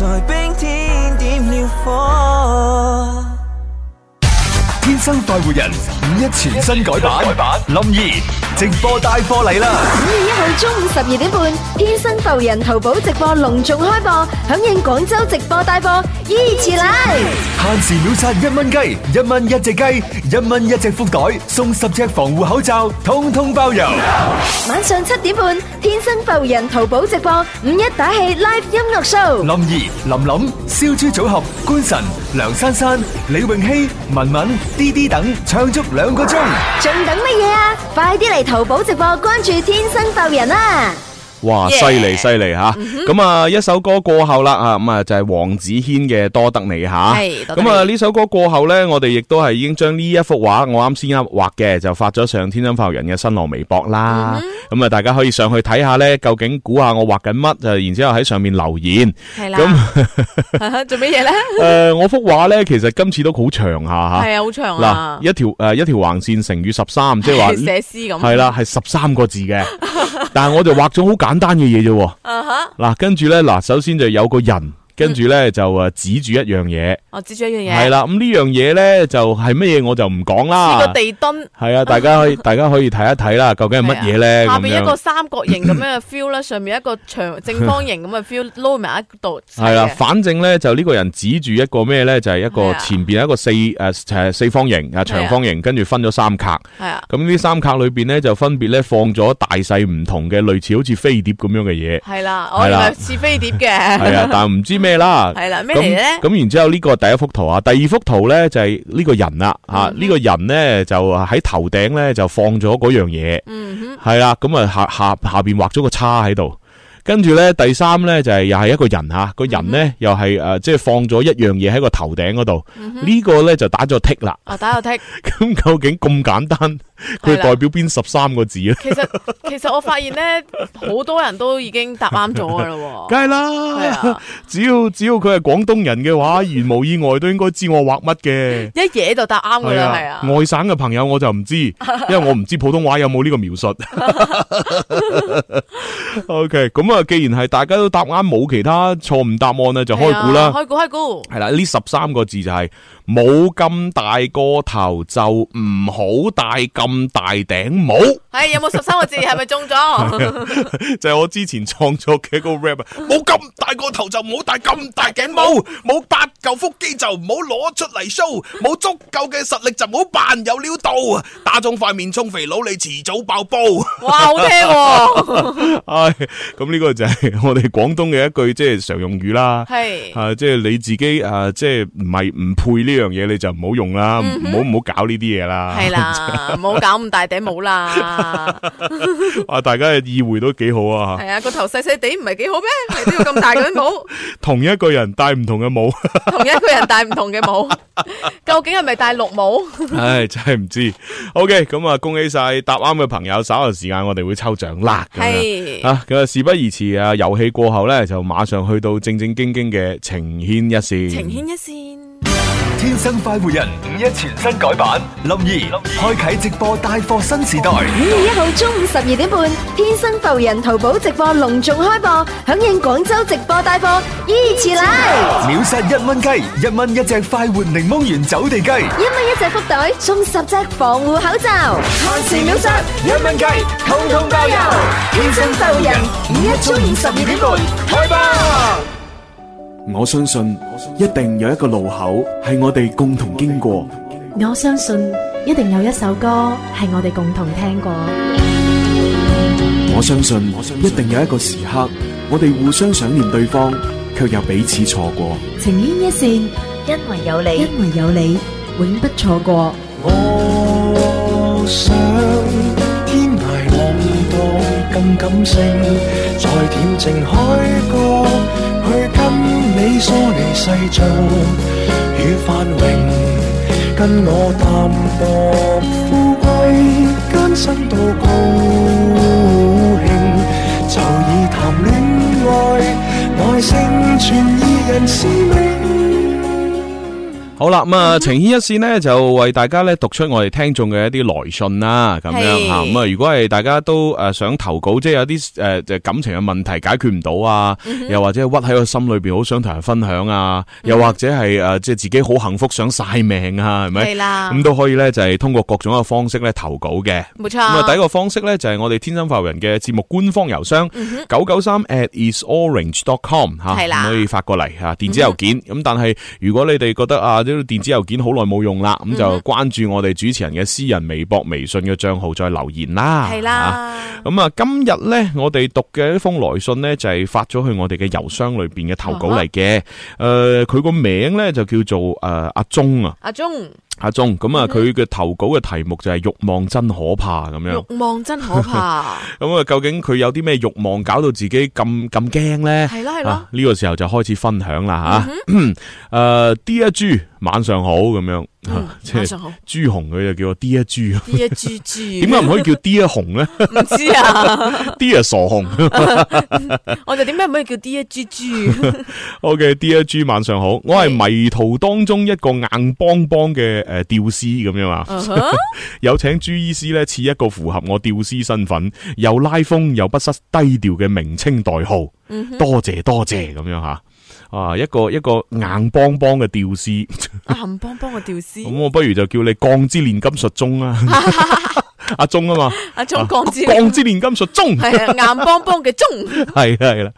在冰天點了火。天生快活人五一全新改版，林怡直播帶貨嚟啦！五月一號中午十二點半，天生浮人淘寶直播隆重開播，響應廣州直播帶貨依次嚟。限時秒殺一蚊雞，一蚊一隻雞，一蚊一隻福袋，送十隻防護口罩，通通包郵。晚上七點半，天生浮人淘寶直播五一打氣 live 音樂 show。林怡、林林、燒豬組合、官神、梁珊珊、李詠希、文文、D。等唱足兩個鐘，仲等乜嘢啊？快啲嚟淘寶直播關注天生獸人啦！哇，犀利犀利吓！咁啊、mm -hmm.，一首歌過後啦啊，咁、就是、啊就係黃子軒嘅多得你吓。咁啊呢首歌過後咧，我哋亦都係已經將呢一幅畫我啱先啱畫嘅就發咗上《天津發人》嘅新浪微博啦。咁啊，mm -hmm. 大家可以上去睇下咧，究竟估下我畫緊乜？就然之後喺上面留言。係啦，咁 做乜嘢咧？誒、呃，我幅畫咧，其實今次都好長下吓。係啊，好長嗱、啊，一條誒，一條橫線乘以十三，即係話寫詩咁。係啦，係十三個字嘅， 但係我就畫咗好簡單嘅嘢啫，嗱、uh-huh，跟住咧，嗱，首先就有個人。嗯、跟住咧就啊指住一樣嘢，我、哦、指住一樣嘢，係啦，咁呢樣嘢咧就係乜嘢我就唔講啦。個地墩係啊，大家可以 大家可以睇一睇啦，究竟係乜嘢咧？下面一個三角形咁樣嘅 feel 咧， 上面一個長正方形咁嘅 feel，撈埋一度。係啦，反正咧就呢個人指住一個咩咧，就係、是、一個前邊一個四誒、呃呃、四方形啊長方形，跟住分咗三格。係啊，咁呢三格裏邊咧就分別咧放咗大細唔同嘅類似好似飛碟咁樣嘅嘢。係啦，我係似飛碟嘅。係啊， 但係唔知咩。咩啦？係啦，咁咁然之後呢個第一幅圖啊，第二幅圖咧就係呢個人啦，吓、嗯、呢、這個人咧就喺頭頂咧就放咗嗰樣嘢，嗯係啦，咁啊下下下邊畫咗個叉喺度，跟住咧第三咧就係又係一個人吓，個、嗯、人咧又係誒即係放咗一樣嘢喺個頭頂嗰度，嗯這個、呢個咧就打咗剔啦，打咗剔，咁究竟咁簡單？佢代表邊十三個字啊？ 其實其實我發現咧，好 多人都已經答啱咗噶啦。梗係啦，只要只要佢係廣東人嘅話，如 無意外都應該知我畫乜嘅。 一嘢就答啱噶啦，係啊，啊，啊。外省嘅朋友我就唔知， 因為我唔知普通話有冇呢個描述。O K，咁啊，既然係大家都答啱，冇其他錯誤答案咧，就開估啦，啊，開估開估。係啦，啊，呢十三個字就係冇咁大個頭，就唔好大咁。咁大頂帽，係有冇十三個字？係咪中咗？就係我之前創作嘅個 rap，冇咁大個頭就唔好戴咁大頂帽，冇八嚿腹肌就唔好攞出嚟 show，冇足夠嘅實力就唔好扮有料度，打腫塊面充肥佬，你遲早爆煲。哇，好聽。唉，咁呢個就係我哋廣東嘅一句即係常用語啦。係啊，即係你自己啊，即係唔係唔配呢樣嘢，你就唔好用啦，唔好唔好搞呢啲嘢啦。係啦，唔好搞咁大頂帽啦！哇，大家嘅意會都幾好啊！係啊，個頭細細哋唔係幾好咩？嚟到咁大頂帽，同一個人戴唔同嘅帽，同一個人戴唔同嘅帽，究竟係咪戴綠帽？唉，真係唔知。OK，咁啊，恭喜晒答啱嘅朋友，稍後時間我哋會抽獎啦。係啊，咁啊，事不宜遲啊，遊戲過後咧就馬上去到正正經經嘅情牽一線。情牽一線。天生快活人五一全新改版，林二開啟直播帶貨新時代。五月一號中午十二點半，天生浮人淘寶直播隆重開播，響應廣州直播帶貨，依次來秒殺一蚊雞，一蚊一隻快活檸檬圓走地雞，一蚊一隻福袋送十隻防護口罩，限時秒殺一蚊雞，通通包郵。天生快活人，五一中午十二點半，開吧！我相信一定有一個路口係我哋共同經過。我相信一定有一首歌係我哋共同聽過。我相信一定有一個時刻我哋互相想念對方，卻又彼此錯過。情牽一線，因為有你，因為有你，永不錯過。我想天涯浪蕩更感性，在恬靜海角，你疏離世俗與繁榮，跟我淡薄富貴，艱辛到高興，就以談戀愛來成全二人私密。好啦，咁啊，情牽一線呢，就為大家咧讀出我哋聽眾嘅一啲來信啦，咁樣吓。咁啊，如果係大家都誒想投稿，即、就、係、是、有啲誒就感情嘅問題解決唔到啊，又或者屈喺個心裏邊好想同人分享啊、嗯，又或者係誒即係自己好幸福想晒命啊，係、嗯、咪？係啦。咁都可以咧，就係通過各種嘅方式咧投稿嘅。冇錯。咁啊，第一個方式咧就係我哋天生快活人嘅節目官方郵箱九九、嗯、三 atisorange.com 吓，係啦，可以發過嚟吓電子郵件。咁、嗯、但係如果你哋覺得啊。電子郵件好耐冇用啦，咁就關注我哋主持人嘅私人微博、微信嘅賬號再留言啦。係啦，咁啊，今日咧我哋讀嘅一封來信咧就係、是、發咗去我哋嘅郵箱裏邊嘅投稿嚟嘅。誒、啊，佢、呃、個名咧就叫做誒、呃、阿鍾啊，阿鍾，阿鍾。咁啊，佢嘅投稿嘅題目就係欲望真可怕咁樣，欲望真可怕。咁啊、 嗯，究竟佢有啲咩欲望搞到自己咁咁驚咧？係啦係啦，呢、啊這個時候就開始分享啦吓。誒，Dear G。晚上好，咁樣、嗯、晚上好，朱紅，佢就叫 D a g d a g 朱，點解唔可以叫 D 一紅咧？唔知啊，D 一傻紅， 我就點解唔可以叫 D a g 朱？O K，D a g okay, DearG, 晚上好，我係迷途當中一個硬邦邦嘅誒吊絲咁樣啊，uh -huh? 有請朱醫師咧，似一個符合我吊絲身份又拉風又不失低調嘅名稱代號。Mm -hmm. 多謝多謝咁樣吓。啊！一個一個硬邦邦嘅吊絲，硬邦邦嘅吊絲，咁 我不如就叫你鋼之煉金術宗啦。 阿鍾啊嘛啊，阿、啊、鍾，鋼之鋼之煉金術鍾，係啊，硬邦邦嘅鍾，係啦係啦。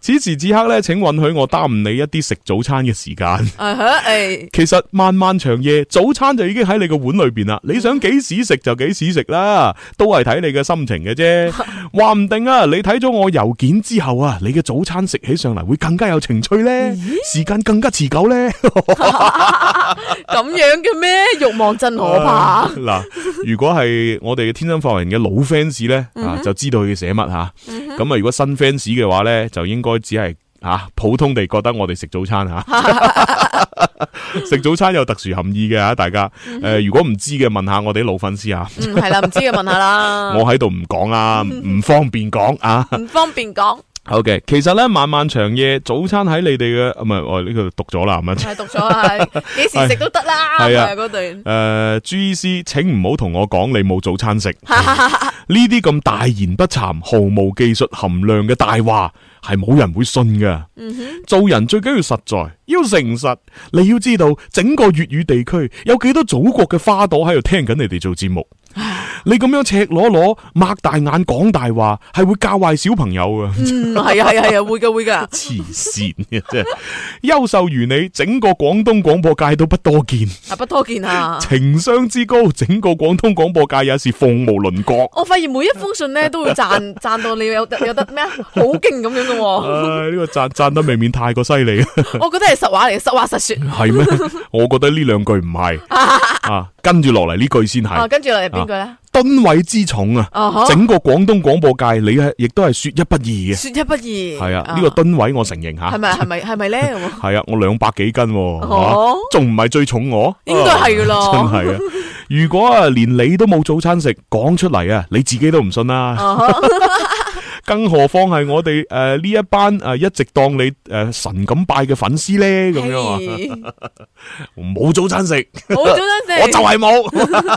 此時此刻咧，請允許我耽誤你一啲食早餐嘅時間。誒、uh -huh，uh, 其實漫漫長夜，早餐就已經喺你個碗裏邊啦。你想幾時食就幾時食啦，都係睇你嘅心情嘅啫。話唔定啊，你睇咗我郵件之後啊，你嘅早餐食起上嚟會更加有情趣呢？Uh -huh? 時間更加持久呢？咁 樣嘅咩？慾望真可怕。嗱、啊，如果係我。 我哋嘅《天生發明》嘅老 fans 咧啊，就知道佢寫乜吓。咁啊，如果新 fans 嘅話咧，就應該只係吓普通地覺得我哋食早餐吓，食 早餐有特殊含義嘅吓，大家誒，如果唔知嘅問下我哋啲老粉絲吓。係啦，mm-hmm. 唔知嘅問下啦。我喺度唔講啊，唔方便講啊，唔方便講。ok 其實咧，漫漫長夜，早餐喺你哋嘅唔係我呢度讀咗啦，咁啊，哦這個、讀咗啦，幾 時食都得啦，係 啊，嗰段誒，朱醫師，請唔好同我講你冇早餐食，呢啲咁大言不慚、毫無技術含量嘅大話係冇人會信噶。Mm -hmm. 做人最緊要實在，要誠實。你要知道，整個粵語地區有幾多祖國嘅花朵喺度聽緊你哋做節目。 你咁樣赤裸裸、擘大眼講大話，係會教壞小朋友噶。嗯，係啊，係啊，係啊，會噶，會噶。慈善嘅真係，優秀如你，整個廣東廣播界都不多見。啊，不多見啊！情商之高，整個廣東廣播界也是鳳毛麟角。我發現每一封信咧，都會讚讚到你有有得咩啊？好勁咁樣咯。唉、哎，呢、這個讚讚得未免太過犀利啦。我覺得係實話嚟，實話實說。係咩？我覺得呢兩句唔係 啊，跟住落嚟呢句先係、啊。跟住落嚟邊句咧？啊噸位之重啊！Uh -huh. 整個廣東廣播界，你係亦都係說一不二嘅，說一不二係啊！呢、uh -huh. 個噸位我承認吓，係咪？係咪？係咪咧？係 啊！我兩百幾斤、啊，仲唔係最重我、啊？Uh -huh. 應該係噶啦， 真係啊！如果啊，連你都冇早餐食，講出嚟啊，你自己都唔信啦、啊。Uh -huh. 更何況係我哋誒呢一班誒一直當你誒神咁拜嘅粉絲咧，咁樣啊，冇早餐食，冇早餐食，我就係冇，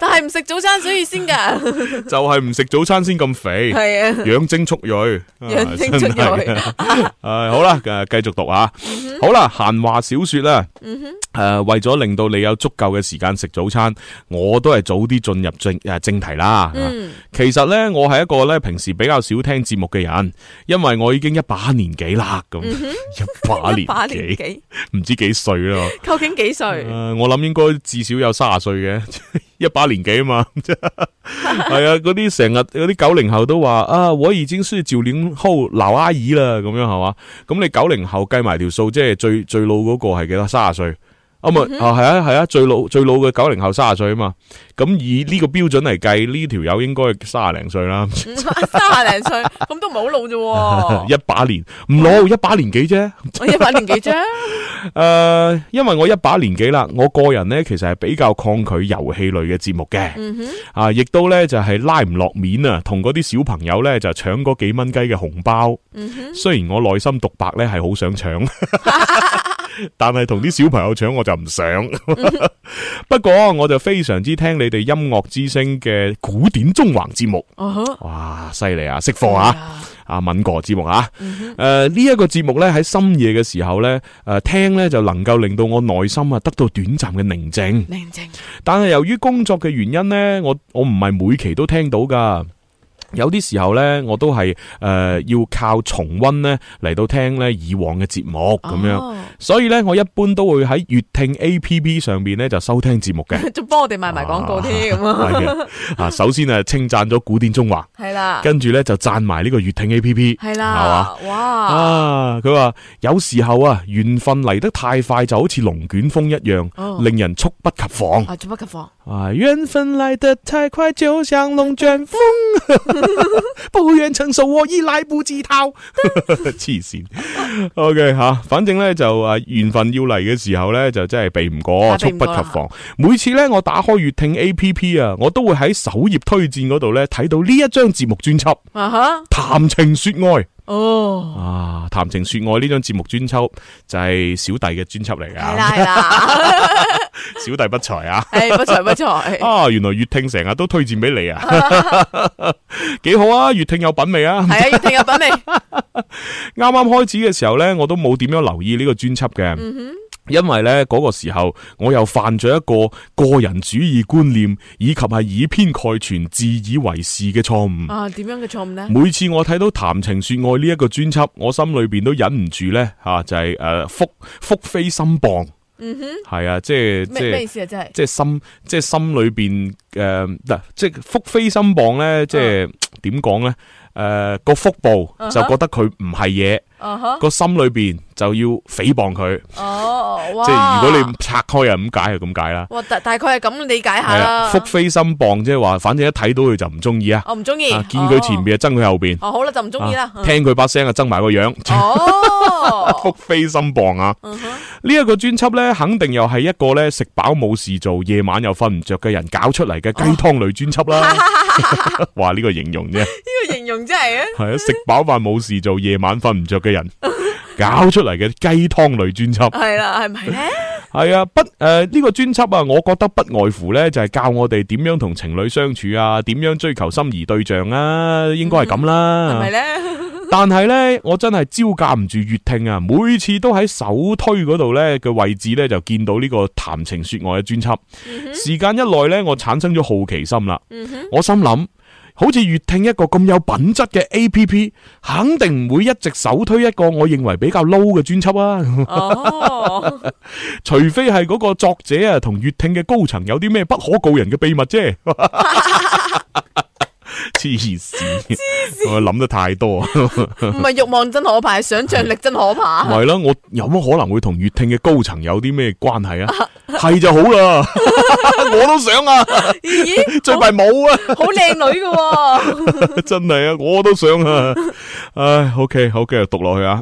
但係唔食早餐所以先㗎，就係唔食早餐先咁肥，係啊，養精蓄銳，養精蓄銳啊！誒，好啦，誒，繼續讀啊，好啦，閒話少說啦，誒，為咗令到你有足夠嘅時間食早餐，我都係早啲進入正誒正題啦。嗯，其實咧，我係一個咧平時比較少。聽節目嘅人，因為我已經一把年紀啦，咁、嗯、一把年紀，唔 知幾歲啦。究竟幾歲，呃？我諗應該至少有卅歲嘅一把年紀啊嘛。係 啊，嗰啲成日嗰啲九零後都話啊，我已經需要照年哭鬧阿姨啦，咁樣係嘛。咁你九零後計埋條數，即係最最老嗰個係幾多？卅歲。Uh -huh. 啊咪啊係啊係啊最老最老嘅九零後卅歲啊嘛，咁以呢個標準嚟計，呢條友應該卅零歲啦。卅零歲咁都唔係好老啫、啊。一、uh, 把年唔老一把、uh -huh. 年紀啫。一把年紀啫。誒，因為我一把年紀啦，我個人咧其實係比較抗拒遊戲類嘅節目嘅。Uh -huh. 啊，亦都咧就係、是、拉唔落面啊，同嗰啲小朋友咧就搶嗰幾蚊雞嘅紅包。Uh -huh. 雖然我內心獨白咧係好想搶。Uh -huh. 但係同啲小朋友搶，我就唔想、嗯， 不過我就非常之聽你哋音樂之聲嘅古典中環節目。哇、嗯，犀利啊，識貨啊，啊，啊，民歌節目呀、啊。誒、嗯，呢、呃、一、這個節目呢，喺深夜嘅時候呢，誒、呃，聽呢就能夠令到我內心啊得到短暫嘅寧靜。寧靜。但係由於工作嘅原因呢，我我唔係每期都聽到噶。有啲時候咧，我都係誒、呃、要靠重溫咧嚟到聽咧以往嘅節目咁、哦、樣，所以咧我一般都會喺粵聽 A P P 上邊咧就收聽節目嘅，仲 幫我哋賣埋廣告添咁啊 ！首先啊，稱讚咗古典中華，係啦，跟住咧就讚埋呢個粵聽 A P P，係啦，係嘛，哇啊！佢話有時候啊，緣分嚟得太快，就好似龍捲風一樣，哦、令人猝不及防。啊，猝不及防。啊！緣分來得太快，就像龍捲風， 不願承受，我已來不及逃。痴 線，OK 吓、啊，反正咧就啊，緣分要嚟嘅時候咧，就真係避唔過，猝、啊、不及防。啊、每次咧我打開粵聽 A P P 啊，我都會喺首頁推薦嗰度咧睇到呢一張節目專輯啊，哈，談情說愛。哦、oh.，啊！談情說愛呢張節目專輯就係、是、小弟嘅專輯嚟噶，係啦 小弟不才啊，不才不才，不才啊！原來月聽成日都推薦俾你啊， 幾好啊！月聽有品味啊，係啊，月聽有品味。啱 啱開始嘅時候咧，我都冇點樣留意呢個專輯嘅。Mm -hmm. 因為咧嗰、那個時候，我又犯咗一個個人主義觀念以及係以偏概全、自以為是嘅錯誤。啊，點樣嘅錯誤咧？每次我睇到《談情說愛》呢、這、一個專輯，我心裏邊都忍唔住咧，吓、啊、就係、是、誒，腹腹誹心謗，嗯哼，係啊，即係咩咩意思啊？即係即係心即係、就是、心裏邊誒嗱，即係腹誹心謗咧，即係點講咧？誒、啊，個腹、啊、部就覺得佢唔係嘢。個心裏邊就要誹謗佢，即係如果你拆開啊，咁解係咁解啦。哇，大大概係咁理解下啦。腹誹心謗，即係話，反正一睇到佢就唔中意啊。我唔中意，見佢前邊啊，憎佢後邊。哦，好啦，就唔中意啦。聽佢把聲啊，憎埋個樣。哦，腹誹心謗啊。呢一個專輯咧，肯定又係一個咧食飽冇事做，夜晚又瞓唔着嘅人搞出嚟嘅雞湯類專輯啦。話呢個形容啫。呢個形容真係啊。係啊，食飽飯冇事做，夜晚瞓唔着嘅。人 搞出嚟嘅雞湯類專輯係啦，係咪係啊？不誒呢、呃這個專輯啊，我覺得不外乎呢，就係、是、教我哋點樣同情侶相處啊，點樣追求心儀對象啊，應該係咁啦。嗯、是是但係呢，我真係招架唔住越聽啊，每次都喺首推嗰度呢嘅位置呢，就見到呢個談情說愛嘅專輯。時間一耐呢，我產生咗好奇心啦、嗯，我心諗。好似月聽一個咁有品質嘅 APP，肯定唔會一直首推一個我認為比較 low 嘅專輯啊、oh.！ 除非係嗰個作者啊，同月聽嘅高層有啲咩不可告人嘅秘密啫。 痴線，我諗得太多。唔係，欲望真可怕，想象力真可怕。唔係啦、啊，我有乜可能會同月聽嘅高層有啲咩關係啊？係、啊、就好啦，啊、 我都想啊。咦？最弊冇啊，好靚女嘅、啊， 真係啊，我都想啊。 唉，OK，好嘅，讀落去啊。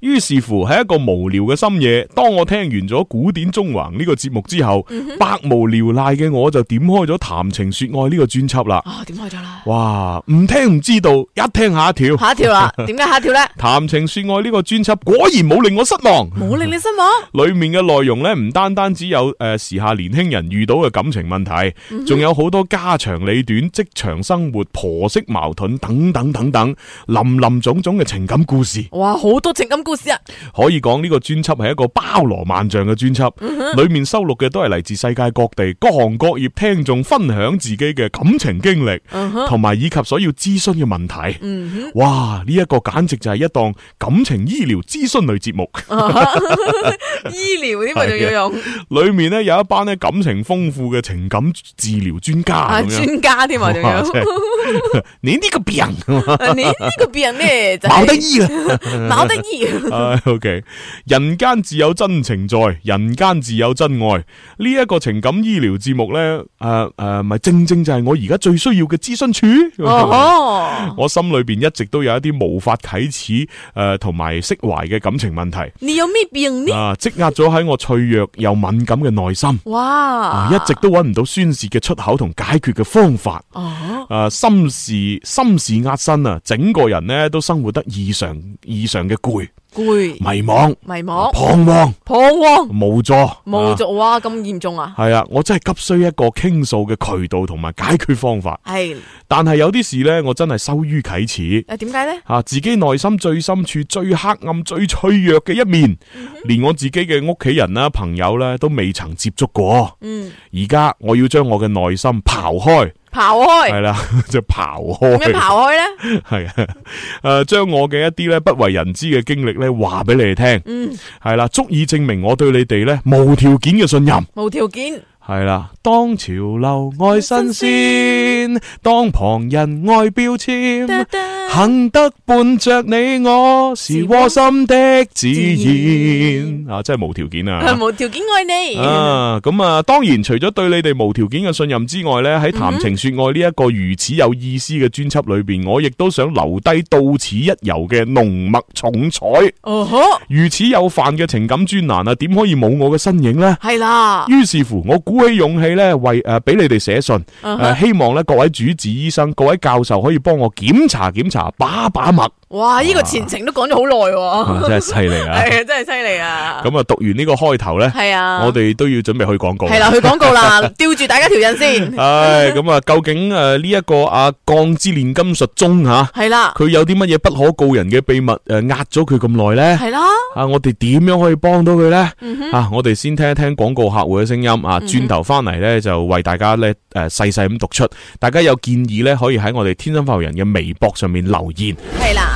於、嗯、 是乎，喺一個無聊嘅深夜，當我聽完咗古典中橫呢、這個節目之後，嗯、百無聊賴嘅我就點開咗談情說愛呢、這個專輯啦。啊，點開咗啦。哇！唔聽唔知道，一聽嚇一跳，嚇一跳啊，點解嚇一跳呢？談 情說愛呢個專輯果然冇令我失望，冇令你失望。 裏面嘅內容呢，唔單單只有誒時下年輕人遇到嘅感情問題，仲、嗯、有好多家長裏短、職場生活、婆媳矛盾等等等等，林林總總嘅情感故事。哇！好多情感故事啊！可以講呢個專輯係一個包羅萬象嘅專輯，裏面收錄嘅都係嚟自世界各地各行各業聽眾分享自己嘅感情經歷，同、嗯、埋。以及所要諮詢嘅問題，嗯、哇！呢、這、一個簡直就係一檔感情醫療諮詢類節目。啊、 醫療呢咪仲要用？裏面咧有一班咧感情豐富嘅情感治療專家，專家添啊？啊用就是、 你，個人 你個人呢個病，你呢個病咩？冇得醫啦，冇得醫。啊、o、okay, K，人間自有真情在，人間自有真愛。呢、這、一個情感醫療節目咧，誒、呃、誒，咪、呃、正正就係我而家最需要嘅諮詢處。哦， 我心裏邊一直都有一啲無法啟齒誒，同埋釋懷嘅感情問題。你有咩病呢？啊、呃，積壓咗喺我脆弱又敏感嘅內心。哇，呃、一直都揾唔到宣泄嘅出口同解決嘅方法。啊、呃，心事心事壓身啊，整個人呢都生活得異常異常嘅攰。攰、迷茫、迷茫、彷徨、彷徨、無助、無助、啊，哇！咁嚴重啊？係啊，我真係急需一個傾訴嘅渠道同埋解決方法。係，但係有啲事、啊、呢，我真係羞於啟齒。誒，點解呢？自己內心最深處、最黑暗、最脆弱嘅一面、嗯，連我自己嘅屋企人啦、朋友咧，都未曾接觸過。嗯，而家我要將我嘅內心刨開。嗯刨開係啦，就刨開。點樣刨開咧？係啊，誒、呃，將我嘅一啲咧不為人知嘅經歷咧，話俾你哋聽。嗯，係啦，足以證明我對你哋咧無條件嘅信任。無條件。係啦，當潮流愛新鮮，當旁人愛標籤，幸得伴着你我，是我是窩心的自然，自然啊！真係無條件啊！係無條件愛你啊！咁啊，當然除咗對你哋無條件嘅信任之外呢，喺談情說愛呢一個如此有意思嘅專輯裏邊，嗯，我亦都想留低到此一遊嘅濃墨重彩、uh -huh。如此有範嘅情感專欄啊，點可以冇我嘅身影呢？係啦，於是乎我估。鼓起勇氣咧，為誒俾、呃、你哋寫信，誒、Uh-huh. 呃、希望咧各位主治醫生、各位教授可以幫我檢查檢查，把把脈。哇！呢、這個前情都講咗好耐，真係犀利啊！係 啊，真係犀利啊！咁啊，讀完呢個開頭咧、啊，我哋都要準備去廣告，係啦、啊，去廣告啦， 吊住大家條癮先。唉、啊，咁啊， 究竟誒呢一個阿鋼之煉金術宗，吓、啊，係啦、啊，佢有啲乜嘢不可告人嘅秘密誒？壓咗佢咁耐咧，係啦、啊，啊，我哋點樣可以幫到佢咧、嗯？啊，我哋先聽一聽廣告客戶嘅聲音、嗯、啊，轉頭翻嚟咧就為大家咧誒細細咁讀出。大家有建議咧，可以喺我哋天生發油人嘅微博上面留言。係啦、啊。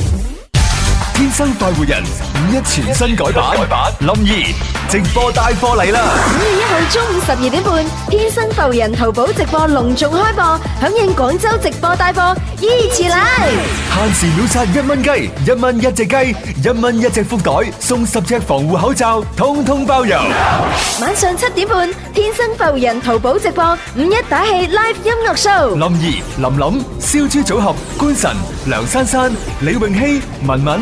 天生快活人五一全新改版，林兒直播帶貨嚟啦！五月一號中午十二點半，天生浮人淘寶直播隆重開播，響應廣州直播帶貨，依次嚟。限時秒殺一蚊雞，一蚊一隻雞，一蚊一隻福袋，送十隻防護口罩，通通包郵。晚上七點半，天生浮人淘寶直播五一打氣 live 音樂 show。林兒、林林、燒豬組合、官神、梁珊珊、李永熙、文文。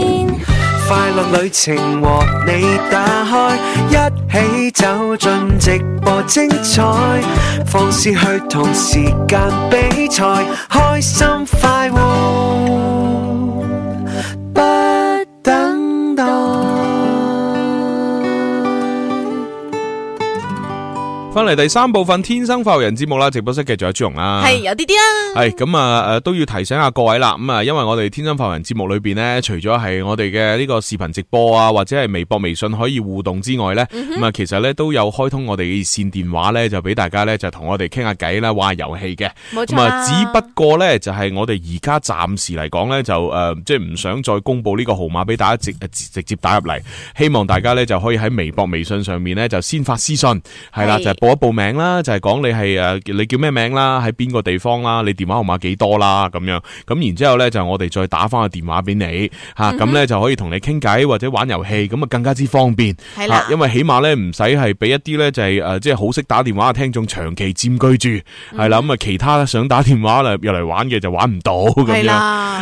快樂旅程和你打開，一起走進直播精彩，放肆去同時間比賽，開心快活。翻嚟第三部分天生發言人節目啦，直播室繼續有朱蓉啦，係有啲啲啦，係咁啊，誒都要提醒下各位啦，咁啊，因為我哋天生發言人節目裏邊呢，除咗係我哋嘅呢個視頻直播啊，或者係微博、微信可以互動之外呢，咁、嗯、啊，其實呢都有開通我哋嘅線電話呢，就俾大家呢，就同我哋傾下偈啦，玩下遊戲嘅，咁啊，只不過呢，就係、是、我哋而家暫時嚟講呢，就誒即係唔想再公布呢個號碼俾大家直直接打入嚟，希望大家呢，就可以喺微博、微信上面呢，就先發私信，係啦就。報一報名啦，就係講你係誒，你叫咩名啦，喺邊個地方啦，你電話號碼幾多啦，咁樣咁然之後咧就我哋再打翻個電話俾你吓，咁咧就可以同你傾偈或者玩遊戲，咁啊更加之方便。係啦，因為起碼咧唔使係俾一啲咧就係誒，即係好識打電話嘅聽眾長期佔據住，係啦，咁啊其他想打電話嚟入嚟玩嘅就玩唔到咁樣。係啦，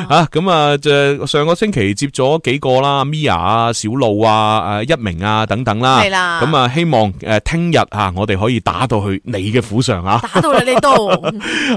啊咁啊就上個星期接咗幾個啦，Mia 啊，小露啊，誒一鳴啊等等啦。係啦，咁啊希望誒聽日吓我哋可以。可以打到去你嘅府上吓、啊， 打到你呢度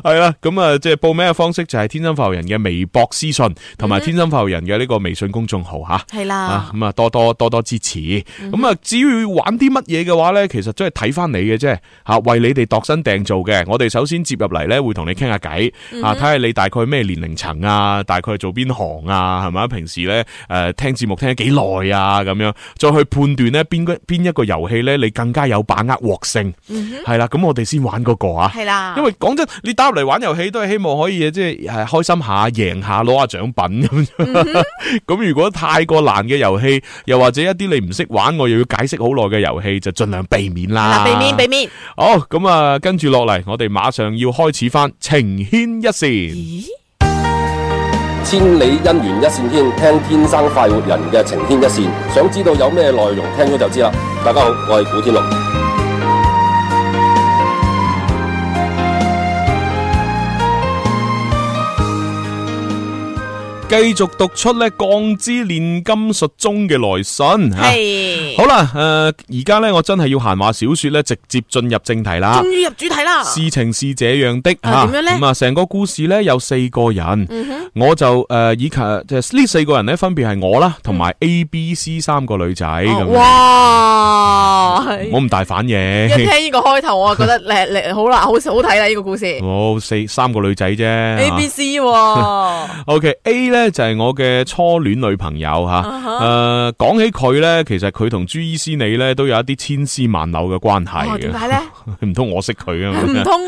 係啦。咁啊，即係報名嘅方式就係天生發育人嘅微博私信同埋天生發育人嘅呢個微信公眾號吓，係、啊、啦。咁啊，多多多多支持。咁啊，至於玩啲乜嘢嘅話咧，其實都係睇翻你嘅啫吓，為你哋度身訂做嘅。我哋首先接入嚟咧，會同你傾下偈啊，睇下你大概咩年齡層啊，大概做邊行啊，係咪平時咧誒、呃，聽節目聽幾耐啊，咁樣再去判斷咧邊個邊一個遊戲咧，你更加有把握獲勝。係、嗯、啦，咁我哋先玩嗰個啊！係啦，因為講真，你打入嚟玩遊戲都係希望可以即係開心下、贏下、攞下獎品咁、嗯嗯。如果太過難嘅遊戲，又或者一啲你唔識玩，我又要解釋好耐嘅遊戲，就盡量避免啦。啊、避免避免。好，咁、嗯、啊，跟住落嚟，我哋馬上要開始翻情牽一線。嗯、千里姻緣一線牽，聽天生快活人嘅情牽一線，想知道有咩內容，聽咗就知啦。大家好，我係古天樂。繼續讀出咧《鋼之煉金術宗》嘅來信吓、hey. 啊，好啦，誒、呃，而家咧我真係要閒話少說咧，直接進入正題啦。終於入主題啦！事情是這樣的吓，咁啊，成、啊、個故事咧有四個人，mm -hmm. 我就誒、呃、以及呢四個人咧分別係我啦，同埋 A、B、C 三個女仔、嗯、哇，冇、嗯、咁大反應。一聽呢個開頭，我覺得 好啦，好好睇啦、啊，呢、這個故事。冇、哦、四三個女仔啫，A、B、哦、C。 O.K. A 咧。咧就係、是、我嘅初戀女朋友吓，誒、uh -huh. 呃，講起佢咧，其實佢同朱醫師你咧都有一啲千絲萬縷嘅關係嘅，唔、哦、通 我識佢啊？唔通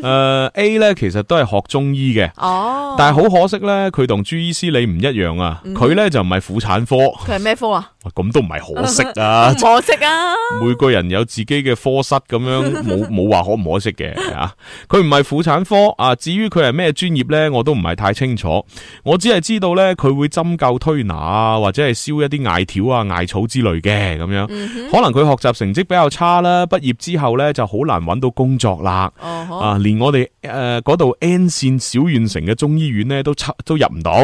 誒 A 咧，其實都係學中醫嘅，哦、oh.，但係好可惜咧，佢同朱醫師你唔一樣啊，佢、uh、咧 -huh. 就唔係婦產科，佢係咩科啊？ 咁都唔係可惜啊！可惜啊！每個人有自己嘅科室咁樣，冇冇話可唔可惜嘅啊！佢唔係婦產科啊，至於佢係咩專業咧，我都唔係太清楚。我只係知道咧，佢會針灸、推拿啊，或者係燒一啲艾條啊、艾草之類嘅咁樣。可能佢學習成績比較差啦，畢業之後咧就好難搵到工作啦。啊、哦，連我哋誒嗰度 N 線小縣城嘅中醫院咧都都入唔到，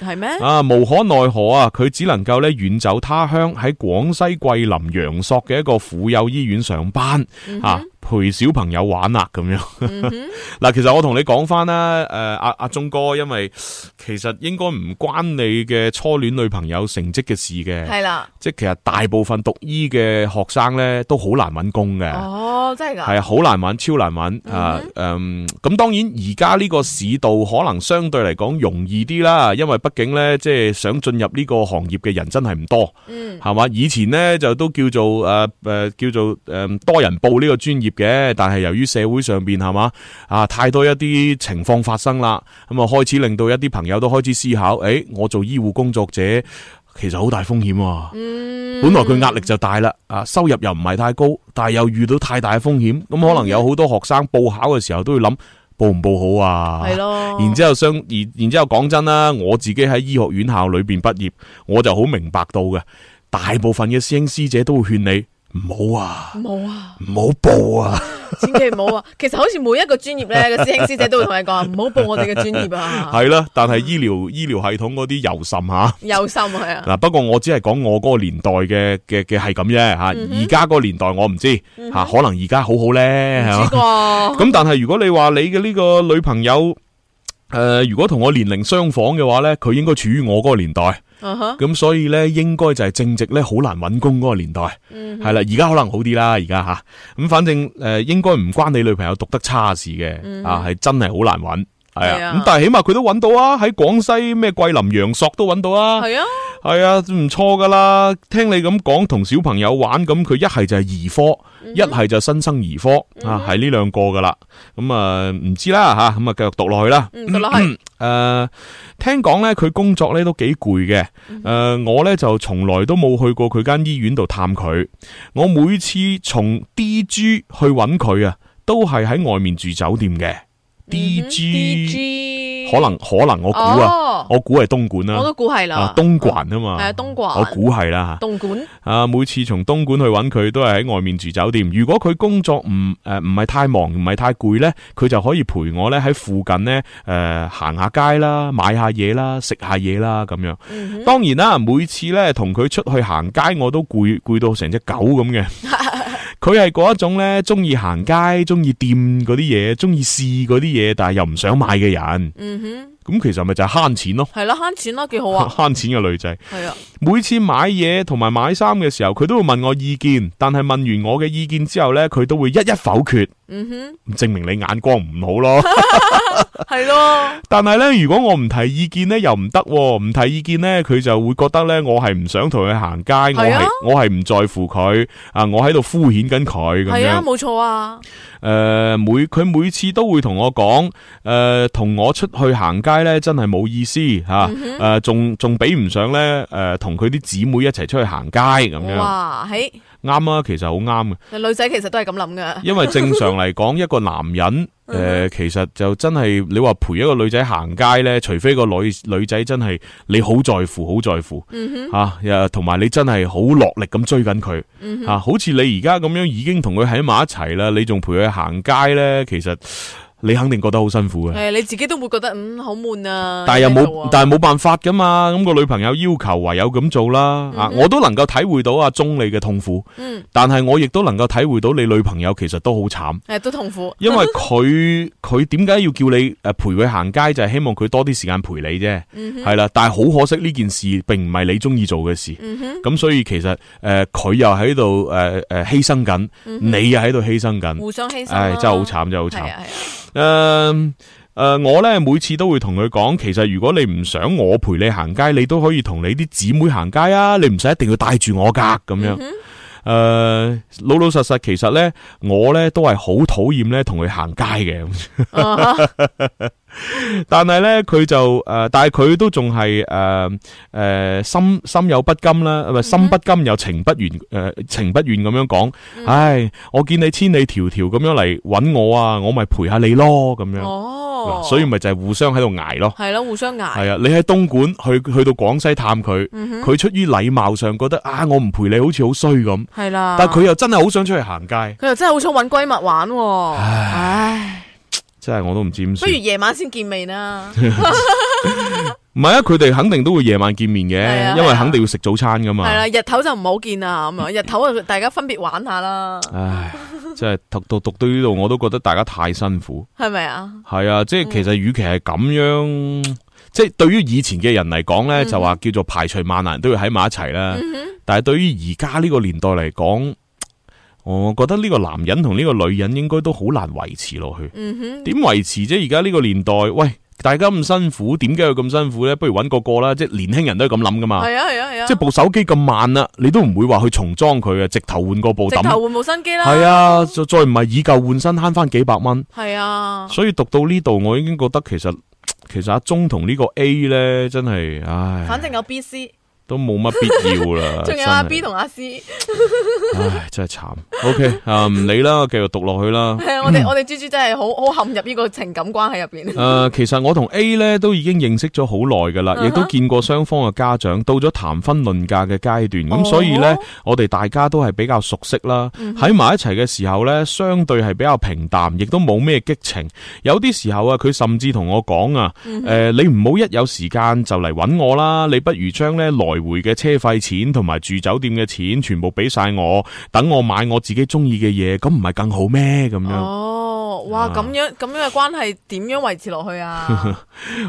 係咩？啊，無可奈何啊！佢只能夠咧遠走他。鄉喺廣西桂林陽朔嘅一個婦幼醫院上班，嗯，啊。陪小朋友玩啊，咁樣嗱、嗯 呃啊，其實我同你講翻啦，誒，阿阿宗哥，因為其實應該唔關你嘅初戀女朋友成績嘅事嘅，係啦，即係其實大部分讀醫嘅學生咧都好難搵工嘅，哦，真係噶，係啊，好難搵，超難搵。啊、嗯呃呃，嗯，咁當然而家呢個市道可能相對嚟講容易啲啦，因為畢竟咧即係想進入呢個行業嘅人真係唔多，嗯，係嘛，以前咧就都叫做誒誒、呃、叫做誒、呃呃、多人報呢個專業。嘅，但係由於社會上邊係嘛啊太多一啲情況發生啦，咁啊開始令到一啲朋友都開始思考，誒、欸，我做醫護工作者其實好大風險喎、啊嗯。本來佢壓力就大啦，啊，收入又唔係太高，但係又遇到太大風險，咁可能有好多學生報考嘅時候都會諗，報唔報好啊？係咯，然之後相，然之後講真啦，我自己喺醫學院校裏邊畢業，我就好明白到嘅，大部分嘅師兄師姐都會勸你。唔好啊，唔好啊，唔好、啊、報啊，千祈唔好啊！ 其實好似每一個專業咧，個師兄師姐都會同你講，唔 好報我哋嘅專業啊。係啦、啊，但係醫療、啊、醫療系統嗰啲尤甚吓，尤甚係啊。嗱、啊，不過我只係講我嗰個年代嘅嘅嘅係咁啫吓。而家、嗯、個年代我唔知吓、嗯，可能而家好好咧係嘛。咁但係如果你話你嘅呢個女朋友誒、呃，如果同我年齡相仿嘅話咧，佢應該處於我嗰個年代。咁、嗯、所以咧，應該就係正值咧好難搵工嗰個年代，係、嗯、啦。而家可能好啲啦，而家吓。咁反正誒、呃，應該唔關你女朋友讀得差的事嘅，嗯、啊，係真係好難搵。係啊，咁、啊、但係起碼佢都揾到啊！喺廣西咩桂林陽朔都揾到啊！係啊，係啊，唔錯噶啦！聽你咁講，同小朋友玩，咁佢一係就係兒科，一、嗯、係就新生兒科、嗯、啊，係呢兩個噶啦。咁、嗯、啊，唔知啦吓，咁啊，繼續讀落去啦、嗯。讀落去。誒、 呃，聽講咧，佢工作咧都幾攰嘅。誒、嗯呃，我咧就從來都冇去過佢間醫院度探佢。我每次從 D G 去揾佢啊，都係喺外面住酒店嘅。D G，、嗯、可能可能我估啊，、哦、啊，我估係東莞啦，我都估係啦，東莞啊嘛、哦啊，係啊，東莞。我估係啦，東莞。啊，每次從東莞去搵佢，都係喺外面住酒店。如果佢工作唔誒唔係太忙，唔係太攰咧，佢就可以陪我咧喺附近咧誒行下街啦，買下嘢啦，食下嘢啦咁樣、嗯。當然啦、啊，每次咧同佢出去行街，我都攰攰到成隻狗咁嘅。 佢係嗰一種咧，中意行街，中意掂嗰啲嘢，中意試嗰啲嘢，但係又唔想買嘅人。嗯哼，咁其實咪就係慳錢咯。係啦，慳錢咯，幾好啊！慳錢嘅女仔。係啊，每次買嘢同埋買衫嘅時候，佢都會問我意見，但係問完我嘅意見之後咧，佢都會一一否決。嗯哼，證明你眼光唔好咯，係 咯。但係咧，如果我唔提意見咧，又唔得，啊。唔提意見咧，佢就會覺得咧，我係唔想同佢行街，我係我係唔在乎佢啊。我喺度敷衍緊佢咁樣，冇錯啊。誒，每佢每次都會同我講，誒、呃，同我出去行街咧，真係冇意思吓。誒、啊，仲、嗯、仲、呃、比唔上咧，誒、呃，同佢啲姊妹一齊出去行街咁樣。哇，係。啱啊，其實好啱。女仔其實都係咁諗噶。因為正常嚟講， 一個男人誒，呃、mm-hmm. 其實就真係你話陪一個女仔行街呢，除非個女女仔真係你好在乎，好在乎吓，同埋、mm-hmm. 啊、你真係好落力咁追緊佢、mm-hmm. 啊，好似你而家咁樣已經同佢喺埋一齊啦，你仲陪佢行街呢，其實。你肯定覺得好辛苦嘅，你自己都會覺得嗯好悶啊。但係又冇，但係冇辦法噶嘛。咁、那個女朋友要求唯有咁做啦、嗯。啊，我都能夠體會到阿鐘你嘅痛苦。嗯，但係我亦都能夠體會到你女朋友其實都好慘。都、嗯、痛苦。因為佢佢點解要叫你誒陪佢行街，就係、是、希望佢多啲時間陪你啫。係、嗯、啦，但係好可惜呢件事並唔係你中意做嘅事。咁、嗯、所以其實誒佢、呃、又喺度誒誒犧牲緊，你又喺度犧牲緊、嗯，互相犧牲、啊哎。真係好慘，真係好慘。誒、呃、誒、呃，我咧每次都會同佢講，其實如果你唔想我陪你行街，你都可以同你啲姊妹行街啊，你唔使一定要帶住我噶咁樣。誒、呃，老老實實，其實咧我咧都係好討厭咧同佢行街嘅。Uh-huh. 但係咧，佢就誒、呃，但係佢都仲係誒誒，心心有不甘啦，係、嗯、心不甘又情不願，誒、呃、情不願咁樣講。唉，我見你千里迢迢咁樣嚟搵我啊，我咪陪下你咯，咁樣。哦，所以咪就係互相喺度挨咯。係咯，互相挨。係啊，你喺東莞去去到廣西探佢，佢、嗯、出於禮貌上覺得啊，我唔陪你好似好衰咁。係啦，但係佢又真係好想出去行街。佢又真係好想搵閨蜜玩、啊。唉。唉。真係我都唔知點算。不如夜晚先見面啦。唔係啊，佢哋肯定都會夜晚見面嘅，啊，因為肯定要食早餐噶嘛，啊。係啦，日頭就唔好見啦咁啊，日頭啊大家分別玩下啦 。唉，即係讀，讀到讀到呢度，我都覺得大家太辛苦，係咪啊？係啊，即係其實與其係咁樣，嗯，即係對於以前嘅人嚟講咧，就話叫做排除萬難都要喺埋一齊啦，嗯。但係對於而家呢個年代嚟講，我覺得呢個男人同呢個女人應該都好難維持落去。嗯哼。點維持啫？而家呢個年代，喂，大家咁辛苦，點解要咁辛苦咧？不如揾個個啦，即係年輕人都係咁諗噶嘛。係啊係啊係啊！即係部手機咁慢啦，你都唔會話去重裝佢啊，直頭換個部。直頭換部新機啦。係啊，就再唔係以舊換新慳翻幾百蚊。係啊。所以讀到呢度，我已經覺得其實其實阿宗同呢個 A 咧，真係唉。反正有 B、C。都冇乜必要啦。仲 有阿 B 同阿 C， 唉，真係慘。O、okay, K， 啊，唔理啦，繼續讀落去啦。我哋我哋豬豬真係好好陷入呢個情感關係入邊。誒、嗯，其實我同 A 咧都已經認識咗好耐噶啦，亦都、uh -huh. 見過雙方嘅家長，到咗談婚論嫁嘅階段。咁、uh -huh. 啊、所以咧，我哋大家都係比較熟悉啦。喺埋一齊、uh -huh. 嘅時候咧，相對係比較平淡，亦都冇咩激情。有啲時候啊，佢甚至同我講啊，誒、uh -huh. 呃，你唔好一有時間就嚟揾我啦，你不如將咧來。來回嘅車費錢同埋住酒店嘅錢，全部俾晒我，等我買我自己中意嘅嘢，咁唔係更好咩？咁樣。哦。哇，咁樣咁樣嘅關係點樣維持落去啊？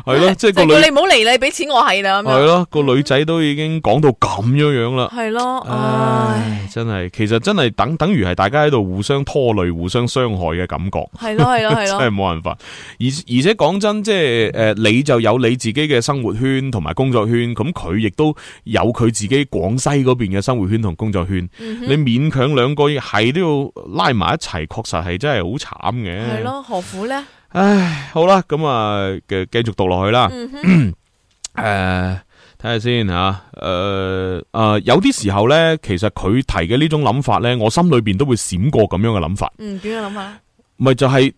係 咯，即係個女，叫你唔好嚟，你俾錢我係啦。係咯，個女仔都已經講到咁樣樣啦。係咯，唉，真係其實真係等等於係大家喺度互相拖累，互相傷害嘅感覺。係咯，係咯，係咯， 真係冇辦法。而而且講真，即係誒，你就有你自己嘅生活圈同埋工作圈，咁佢亦都有佢自己廣西嗰邊嘅生活圈同工作圈。嗯、你勉強兩個係都要拉埋一齊，確實係真係好慘嘅。係咯，何苦咧？唉，好啦，咁啊，繼續讀落去啦。誒、嗯，睇下、 呃、先吓，誒、呃、誒、呃，有啲時候咧，其實佢提嘅呢種諗法咧，我心裏邊都會閃過咁樣嘅諗法。嗯，點樣諗法咧？咪就係、是。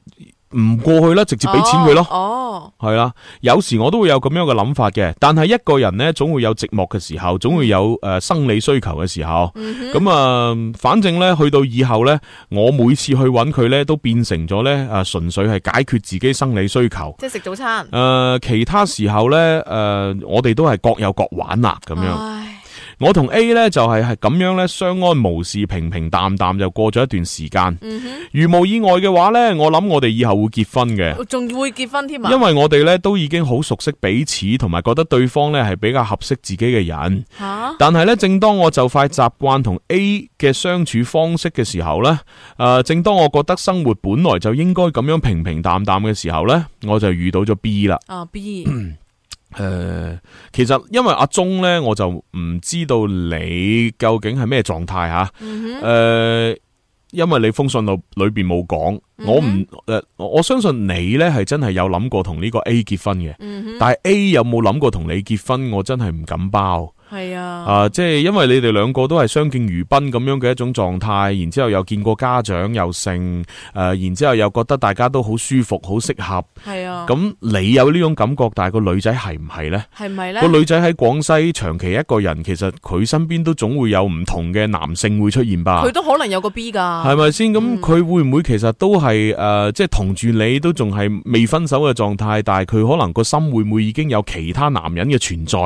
唔過去啦，直接俾錢佢咯。哦，係、哦、啦，有時我都會有咁樣嘅諗法嘅。但係一個人呢，總會有寂寞嘅時候，總會有誒生理需求嘅時候。咁、嗯、啊，反正呢，去到以後呢，我每次去搵佢呢，都變成咗呢，啊，純粹係解決自己生理需求。即係食早餐。誒、呃，其他時候呢，誒、呃，我哋都係各有各玩啦、啊，咁樣。我同 A 呢，就係係咁樣呢，相安無事，平平淡淡就過咗一段時間，嗯。如無意外嘅話呢，我諗我哋以後會結婚嘅。仲會結婚添？因為我哋呢，都已經好熟悉彼此，同埋覺得對方呢係比較合適自己嘅人。啊、但係呢，正當我就快習慣同 A 嘅相處方式嘅時候呢，誒、呃，正當我覺得生活本來就應該咁樣平平淡淡嘅時候呢，我就遇到咗 B 啦。啊！B。 誒、呃，其實因為阿鍾咧，我就唔知道你究竟係咩狀態吓。誒、mm -hmm. 呃，因為你封信度裏邊冇講，mm -hmm. 我唔誒、呃，我相信你咧係真係有諗過同呢個 A 結婚嘅。Mm -hmm. 但係 A 有冇諗過同你結婚，我真係唔敢包。係啊，誒、呃，即係因為你哋兩個都係相敬如賓咁樣嘅一種狀態，然之後又見過家長又成，誒、呃，然之後又覺得大家都好舒服，好適合，係啊。咁、嗯、你有呢種感覺，但係個女仔係唔係呢？係咪呢？個女仔喺廣西長期一個人，其實佢身邊都總會有唔同嘅男性會出現吧？佢都可能有個 B 噶，係咪先？咁、嗯、佢、嗯、會唔會其實都係誒、呃，即係同住你都仲係未分手嘅狀態，但係佢可能個心會唔會已經有其他男人嘅存在？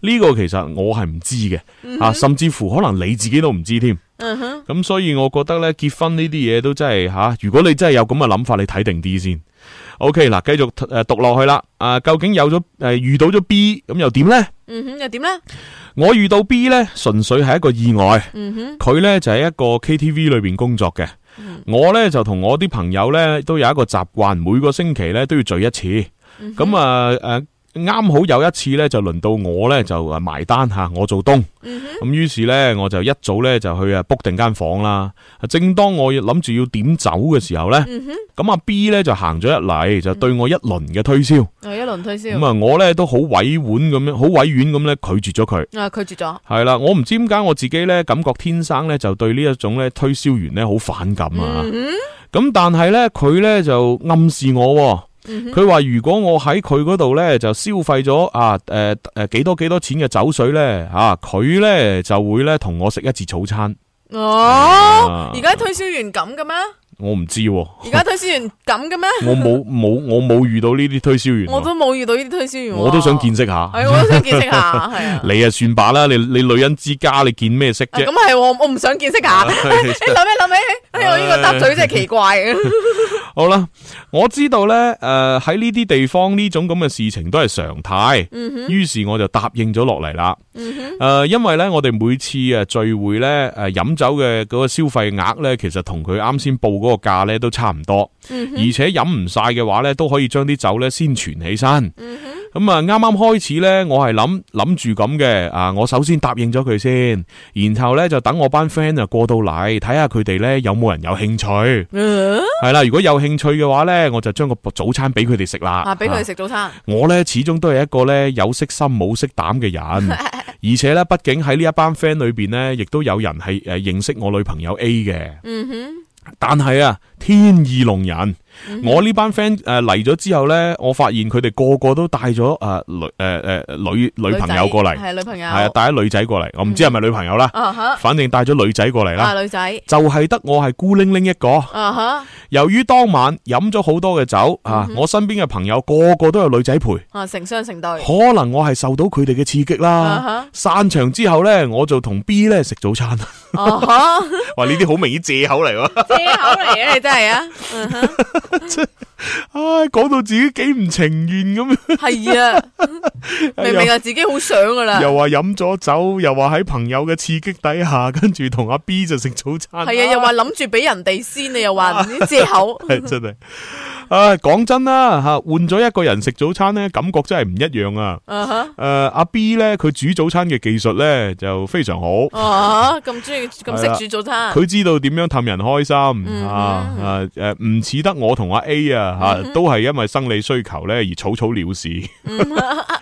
呢個其實我。我係唔知嘅、嗯，啊，甚至乎可能你自己都唔知添，咁、嗯、所以我覺得呢結婚呢啲嘢，都真係吓、啊，如果你真係有咁嘅諗法，你睇，定啲先。OK，嗱，繼續誒讀落去啦，啊，究竟有咗誒、啊、遇到咗 B 咁又點呢？嗯哼，又點呢？我遇到 B 呢，純粹係一個意外。佢、嗯、呢就係、是、一個 KTV 裏邊工作嘅。、嗯，我呢就同我啲朋友呢，都有一個習慣，每個星期呢都要聚一次。咁、嗯、啊誒。啊啱好有一次咧，就輪到我咧就埋單吓，我做東。咁、嗯、於是咧，我就一早咧就去啊 book 定間房啦。啊，正當我諗住要點走嘅時候咧，咁、嗯、阿 B 咧就行咗入嚟，就對我一輪嘅推銷。一輪推銷。咁、嗯、啊，我咧都好委婉咁樣，好委婉咁咧拒絕咗佢。啊，拒絕咗。係啦，我唔知點解我自己咧，感覺天生咧就對呢一種咧推銷員咧好反感啊。咁、嗯、但係咧，佢咧就暗示我。佢、嗯、話如果我喺佢嗰度呢，就消費咗啊誒誒幾多幾多錢嘅酒水呢，吓佢呢就會呢同我食一次早餐。哦，而、嗯、家推銷員咁嘅咩？我唔知，而家推銷員咁嘅咩？我冇冇我冇遇到呢啲推銷員，啊，我都冇遇到呢啲推銷員，啊，我都想見識下，哦， 我都想見識下。是啊你啊算吧啦，你你女人之家，你見咩識啫？咁、啊、係我唔想見識下，你諗咩諗起，起起啊哎，我呢個搭嘴真係奇怪。 好啦，我知道咧，誒喺呢啲地方呢種咁嘅事情都係常態。嗯，於是我就答應咗落嚟啦。誒、嗯呃，因為咧我哋每次誒聚會咧誒飲酒嘅嗰個消費額咧，其實同佢啱先報。嗰、那個價咧都差唔多，嗯，而且飲唔晒嘅話咧都可以將啲酒咧先存起身。咁、嗯、啊，啱啱開始呢，我係諗諗住咁嘅啊，我首先答應咗佢先，然後呢就等我班 friend 啊過到嚟睇下佢哋呢有冇人有興趣。係、啊、啦，如果有興趣嘅話呢，我就將個早餐俾佢哋食啦。俾佢哋食早餐、啊。我呢始終都係一個呢有色心冇色膽嘅人， 而且呢畢竟喺呢一班 friend 裏邊呢亦都有人係誒認識我女朋友 A 嘅。嗯哼。但係啊，天意弄人。Mm -hmm. 我呢班 friend 誒嚟咗之後呢，我發現佢哋個個都帶咗誒女誒誒女女朋友過嚟，係女，女朋友，係啊，帶咗女仔過嚟。我唔知係咪女朋友啦，mm -hmm. 反正帶咗女仔過嚟啦，女仔，uh -huh. 就係得我係孤零零一個，uh -huh. 由於當晚飲咗好多嘅酒，uh -huh. 啊，我身邊嘅朋友個個都有女仔陪，uh -huh. 成雙成對。可能我係受到佢哋嘅刺激啦，散場，uh -huh. 之後呢，我就同 B 呢食早餐啦。Uh -huh. 哇，呢啲好明顯借口嚟喎，借口嚟嘅你真係啊。Uh -huh. 真，唉，講到自己幾唔情願咁樣，係啊，明明係自己好想噶啦，又話飲咗酒，又話喺朋友嘅刺激底下，跟住同阿 B 就食早餐，係啊，又話諗住俾人哋先，你又話唔知借口，真係，啊，講真啦，吓換咗一個人食早餐咧，感覺真係唔一樣啊，誒，阿 B 咧，佢煮早餐嘅技術咧就非常好，咁中意咁識煮早餐，佢知道點樣氹人開心，啊，誒，唔似得我。我同阿 A 啊吓，都係因為生理需求咧而草草了事。Mm -hmm.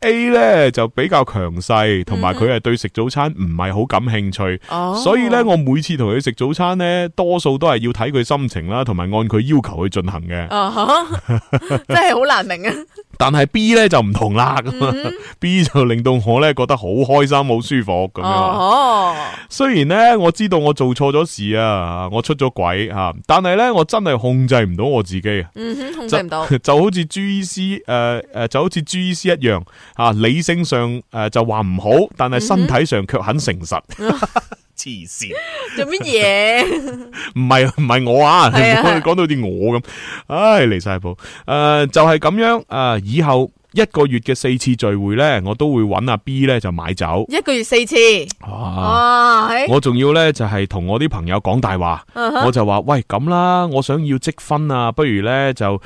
A 咧就比較強勢，同埋佢係對食早餐唔係好感興趣，oh. 所以咧我每次同佢食早餐咧，多數都係要睇佢心情啦，同埋按佢要求去進行嘅。Uh -huh. 真係好難明啊！ 但係 B 咧就唔同啦，mm -hmm.，B 就令到我咧覺得好開心、好舒服咁樣。哦，oh，雖然咧我知道我做錯咗事啊，我出咗軌吓，但係咧我真係控制唔到我自己啊。Mm -hmm. 控制唔到，就好似朱醫師誒誒，就好似朱醫師一樣啊。理性上誒就話唔好，但係身體上卻很誠實。Mm -hmm. 黐線，做乜嘢？唔係唔係我啊。你講、啊、到好似我咁，唉，離晒譜，誒、呃、就係、是、咁樣，誒、呃、以後。一個月嘅四次聚會咧，我都會揾阿 B 咧就買酒。一個月四次，哇！啊、我仲要咧就係、是、同我啲朋友講大話，uh -huh. 我就話喂咁啦，我想要積分啊，不如咧就誒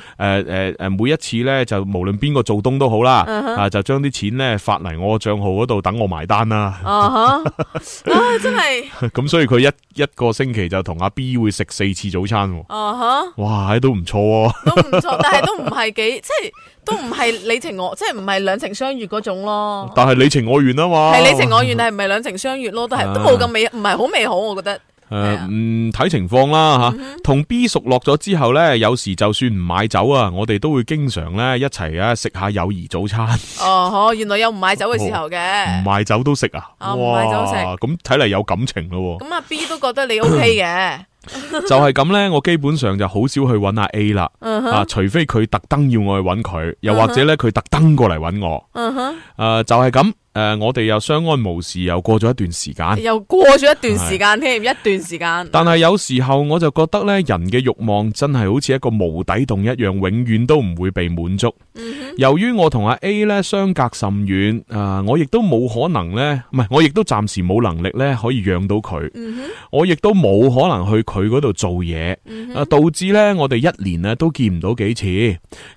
誒誒每一次咧就無論邊個做東都好啦，uh -huh. 啊就將啲錢咧發嚟我賬號嗰度等我埋單啦。Uh -huh. Uh -huh. 啊哈！真係咁，所以佢一一個星期就同阿 B 會食四次早餐。啊哈！哇，都唔錯喎，都唔錯、啊、錯，但係都唔係幾即係。都唔係你情我即係唔係兩情相悅嗰種咯，但係你情我願啊嘛，係你情我願，係唔係兩情相悅咯？都係都冇咁美，唔係好美好，我覺得。誒、啊啊嗯，嗯，睇情況啦吓。同 B 熟落咗之後咧，有時就算唔買酒啊，我哋都會經常咧一齊啊食下友誼早餐。哦，原來有唔買酒嘅時候嘅，唔、哦、買酒都食啊。唔、哦、買酒食，咁睇嚟有感情咯。咁啊，B 都覺得你 OK 嘅。 就係咁呢，我基本上就好少去揾阿 A 啦，uh -huh. 啊，除非佢特登要我去揾佢，又或者呢，佢特登過嚟揾我，uh -huh. 呃，就係是咁。誒、呃，我哋又相安無事，又過咗一段時間，又過咗一段時間添，一段時間。但係有時候我就覺得咧，人嘅欲望真係好似一個無底洞一樣，永遠都唔會被滿足。嗯、由於我同阿 A 咧相隔甚遠，啊、呃，我亦都冇可能咧，唔係，我亦都暫時冇能力咧可以養到佢、嗯。我亦都冇可能去佢嗰度做嘢，啊、嗯呃，導致咧我哋一年咧都見唔到幾次。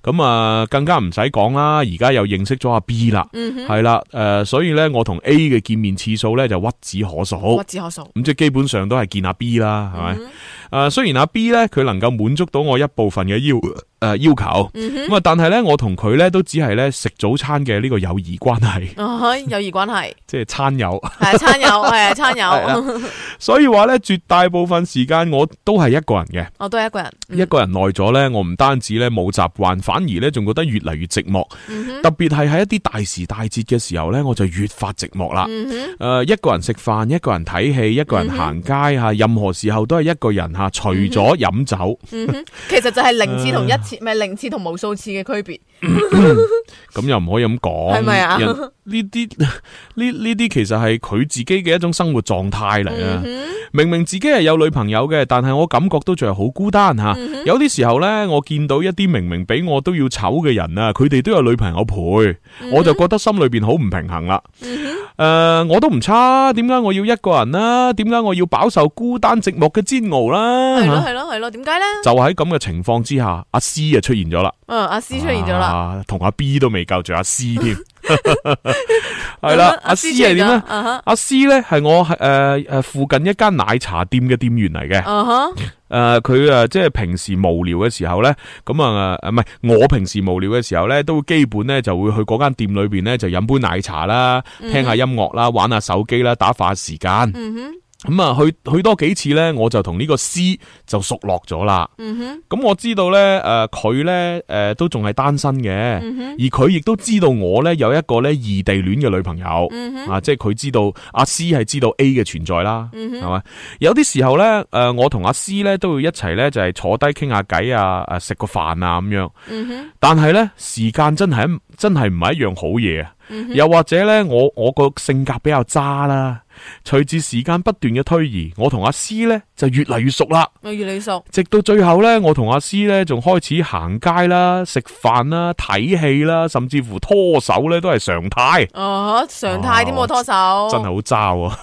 咁啊、呃，更加唔使講啦，而家又認識咗阿 B 啦，係、嗯、啦，誒。呃所以咧，我同 A 嘅見面次數咧就屈指可數。屈指可數。咁即係基本上都係見下 B 啦，係、嗯、咪？誒、呃，雖然阿 B 咧佢能夠滿足到我一部分嘅要誒、呃、要求，咁、mm、啊 -hmm.，但係咧我同佢咧都只係咧食早餐嘅呢個友誼關係，uh -huh, 友誼關係，即係餐友，係 餐友，係啊餐友， 所以話咧絕大部分時間我都係一個人嘅，我、oh, 都係一個人，mm -hmm. 一個人耐咗咧，我唔單止咧冇習慣，反而咧仲覺得越嚟越寂寞，mm -hmm. 特別係喺一啲大時大節嘅時候咧，我就越發寂寞啦。誒、mm -hmm. 呃，一個人食飯，一個人睇戲，一個人行街吓、啊，任何時候都係一個人。吓除咗飲酒，嗯哼， 其實就係零次同一次，唔、呃、係零次同無數次嘅區別。咁 又唔可以咁講，係咪啊？呢啲呢，呢啲其實係佢自己嘅一種生活狀態嚟啊！明明自己係有女朋友嘅，但係我感覺都仲係好孤單吓、嗯。有啲時候呢，我見到一啲明明比我都要醜嘅人啊，佢哋都有女朋友陪，我就覺得心裏邊好唔平衡啦。誒、嗯呃，我都唔差，點解我要一個人呢？點解我要飽受孤單寂寞嘅煎熬啦？係咯係咯係咯，點解呢？就喺咁嘅情況之下，阿 C 啊出現咗啦。嗯、啊，阿、啊、C 出現咗啦。啊啊，同阿 B 都未夠，仲有阿 C 添， 係啦，阿 C 係點咧？Uh -huh. 阿 C 咧係我誒誒、呃、附近一間奶茶店嘅店員嚟嘅，uh -huh. 呃、他啊哈，誒佢誒即係平時無聊嘅時候咧，咁啊啊唔係我平時無聊嘅時候咧，都基本咧就會去嗰間店裏邊咧就飲杯奶茶啦，聽下音樂啦，玩下手機啦，打發時間。Uh -huh. 咁、嗯、啊，去去多幾次咧，我就同呢個 C 就熟落咗啦。咁、嗯嗯、我知道咧，誒佢咧，誒、呃、都仲係單身嘅、嗯，而佢亦都知道我咧有一個咧異地戀嘅女朋友、嗯、啊，即係佢知道阿、啊、C 係知道 A 嘅存在啦，係、嗯、嘛？有啲時候咧，誒、呃、我同阿、啊、C 咧都要一齊咧，就係、是、坐低傾下偈啊，食個飯啊咁樣。嗯、哼但係咧，時間真係真係唔係一樣好嘢。又或者呢，我我個性格比較渣啦。隨住時間不斷嘅推移，我同阿 C 呢就越嚟越熟啦。越嚟越熟，直到最後呢，我同阿 C 呢仲開始行街啦、食飯啦、睇戲啦，甚至乎拖手呢都係常態。哦、啊，常態點我拖手？啊、真係好渣啊！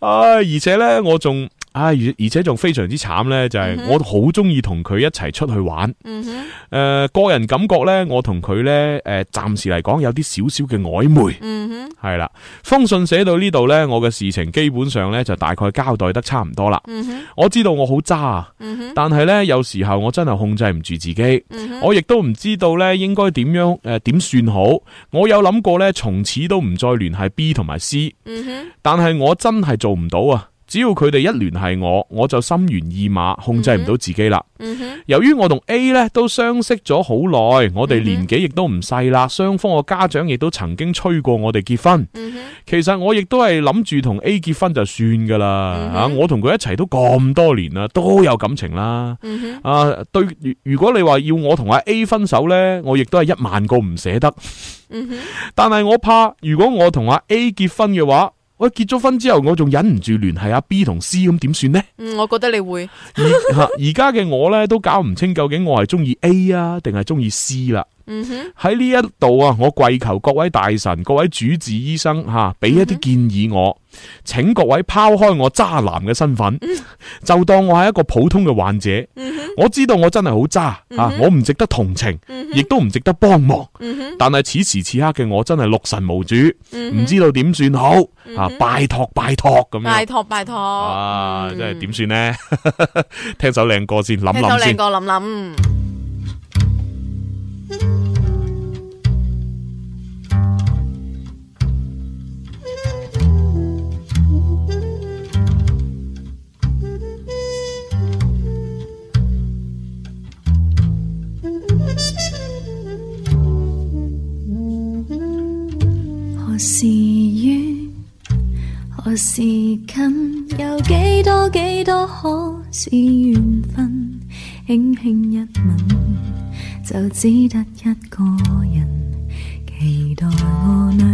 唉、 啊，而且呢，我仲。啊！而且仲非常之慘咧，就係我好中意同佢一齊出去玩。誒，個人感覺咧，我同佢咧，誒，暫時嚟講有啲少少嘅曖昧。係啦，封信寫到呢度咧，我嘅事情基本上咧就大概交代得差唔多啦。我知道我好渣，但係咧有時候我真係控制唔住自己。我亦都唔知道咧應該點樣，誒，點算好。我有諗過咧從此都唔再聯繫 B 同埋 C。但係我真係做唔到啊！只要佢哋一聯繫我，我就心猿意馬，控制唔到自己啦。由於我同 A 咧都相識咗好耐，我哋年紀亦都唔細啦，雙方嘅家長亦都曾經催過我哋結婚。其實我亦都係諗住同 A 結婚就算噶啦。啊，我同佢一齊都咁多年啦，都有感情啦。啊，對，如果你話要我同阿 A 分手呢，我亦都係一萬個唔捨得。但係我怕，如果我同阿 A 結婚嘅話。我結咗婚之後，我仲忍唔住聯繫阿 B 同 C，咁點算呢？嗯，我覺得你會而而家嘅我咧，都搞唔清究竟我係中意 A 啊，定係中意 C 啦。喺呢一度啊，我跪求各位大神、各位主治醫生吓，俾、啊、一啲建議我，嗯、請各位拋開我渣男嘅身份，嗯，就當我係一個普通嘅患者。嗯。我知道我真係好渣、嗯、啊，我唔值得同情，亦都唔值得幫忙。嗯、但係此時此刻嘅我真係六神無主，唔、嗯、知道點算好啊！拜託拜託咁樣，拜託拜託啊！即係點算呢？ 聽首靚歌先，諗諗先。諗諗聽首何時遠，何時近，有幾多幾多，可是緣分。輕輕一吻，就只得一個人，期待我能。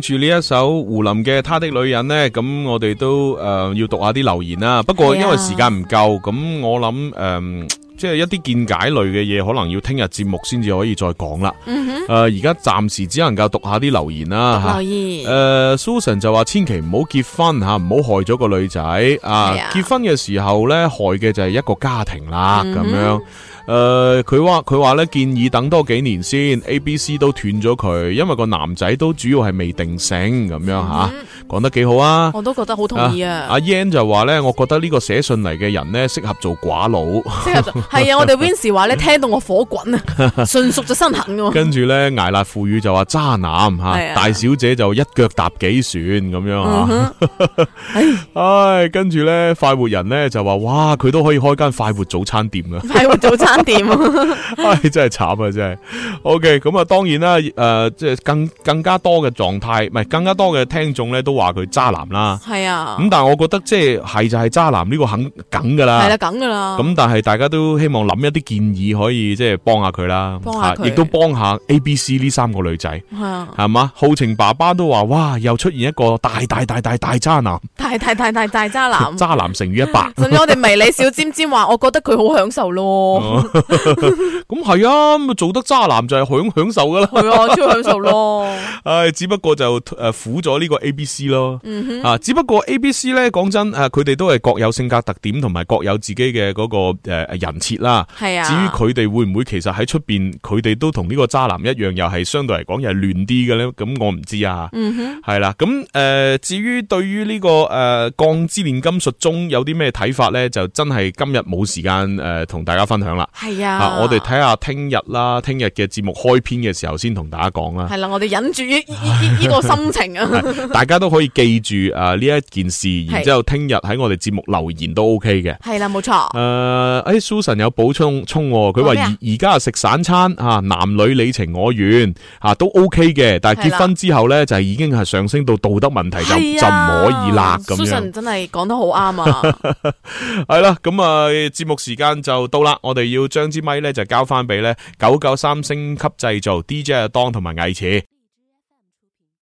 住呢一首胡林嘅他的女人呢，咁我哋都誒、呃、要讀下啲留言啦。不過因為時間唔夠，咁、啊、我諗誒、呃，即係一啲見解類嘅嘢，可能要聽日節目先至可以再講啦。誒、嗯，而家暫時只能夠讀下啲留言啦。留言誒、呃、Susan 就話：千祈唔好結婚吓，唔、啊、好害咗個女仔、呃、啊！結婚嘅時候呢，害嘅就係一個家庭啦，咁、嗯、樣。誒、呃，佢話佢話咧建議等多幾年先，A、B、C 都斷咗佢，因為個男仔都主要係未定性咁樣吓，講、嗯、得幾好啊！我都覺得好同意啊！阿、啊啊、Yan 就話咧，我覺得呢個寫信嚟嘅人呢，適合做寡佬，係啊！ 我哋 Winch 話咧，聽到我火滾 啊！迅速就身痕㗎嘛。跟住咧，挨辣富語就話渣男吓，大小姐就一腳踏幾船咁樣吓、啊。嗯、 唉，跟住咧快活人咧就話哇，佢都可以開間快活早餐店啊。快活早餐。點 唉、哎，真係慘啊，真係。O K，咁啊，當然啦，誒、呃，即係更更加多嘅狀態，唔係更加多嘅聽眾咧，都話佢渣男啦。係啊。咁但係我覺得即係係就係渣男呢個肯梗噶啦。係、啊、啦，梗噶啦。咁但係大家都希望諗一啲建議，可以即係幫下佢啦，亦、啊、都幫下 A B C 呢三個女仔。係啊。係嘛？浩情爸爸都話：，哇，又出現一個大大大大大渣男。大大大大大渣男。渣男乘以一百。甚至我哋迷你小尖尖話：， 我覺得佢好享受咯。咁 係啊，咁做得渣男就係享享受噶啦，係啊，超享受咯。唉、哎，只不過就誒苦咗呢個 A B C 咯。嗯哼，啊，只不過 A B C 咧，講真，誒，佢哋都係各有性格特點，同埋各有自己嘅嗰個誒人設啦。係啊，至於佢哋會唔會其實喺出邊，佢哋都同呢個渣男一樣，又係相對嚟講又係亂啲嘅咧。咁我唔知啊。嗯哼，係啦。咁、呃、誒，至於對於呢、這個誒《鋼、呃、之煉金術》中有啲咩睇法咧，就真係今日冇時間誒同大家分享啦。係啊，啊，我哋睇下聽日啦，聽日嘅節目開篇嘅時候先同大家講啦。係啦、啊，我哋忍住呢 個心情啊，啊，大家都可以記住啊呢一件事，然之後聽日喺我哋節目留言都 OK 嘅。係啦、啊，冇錯。誒、呃欸，Susan 有補充充，佢話而而家食散餐啊，男女你情我願啊都 OK 嘅，但係結婚之後呢、啊、就係已經係上升到道德問題、啊、就就唔可以啦。Susan 真係講得好啱啊！係 啦、啊，咁啊節目時間就到啦，我哋要將支咪咧就交翻俾咧九九三星級製造 DJ 阿當同埋魏馳。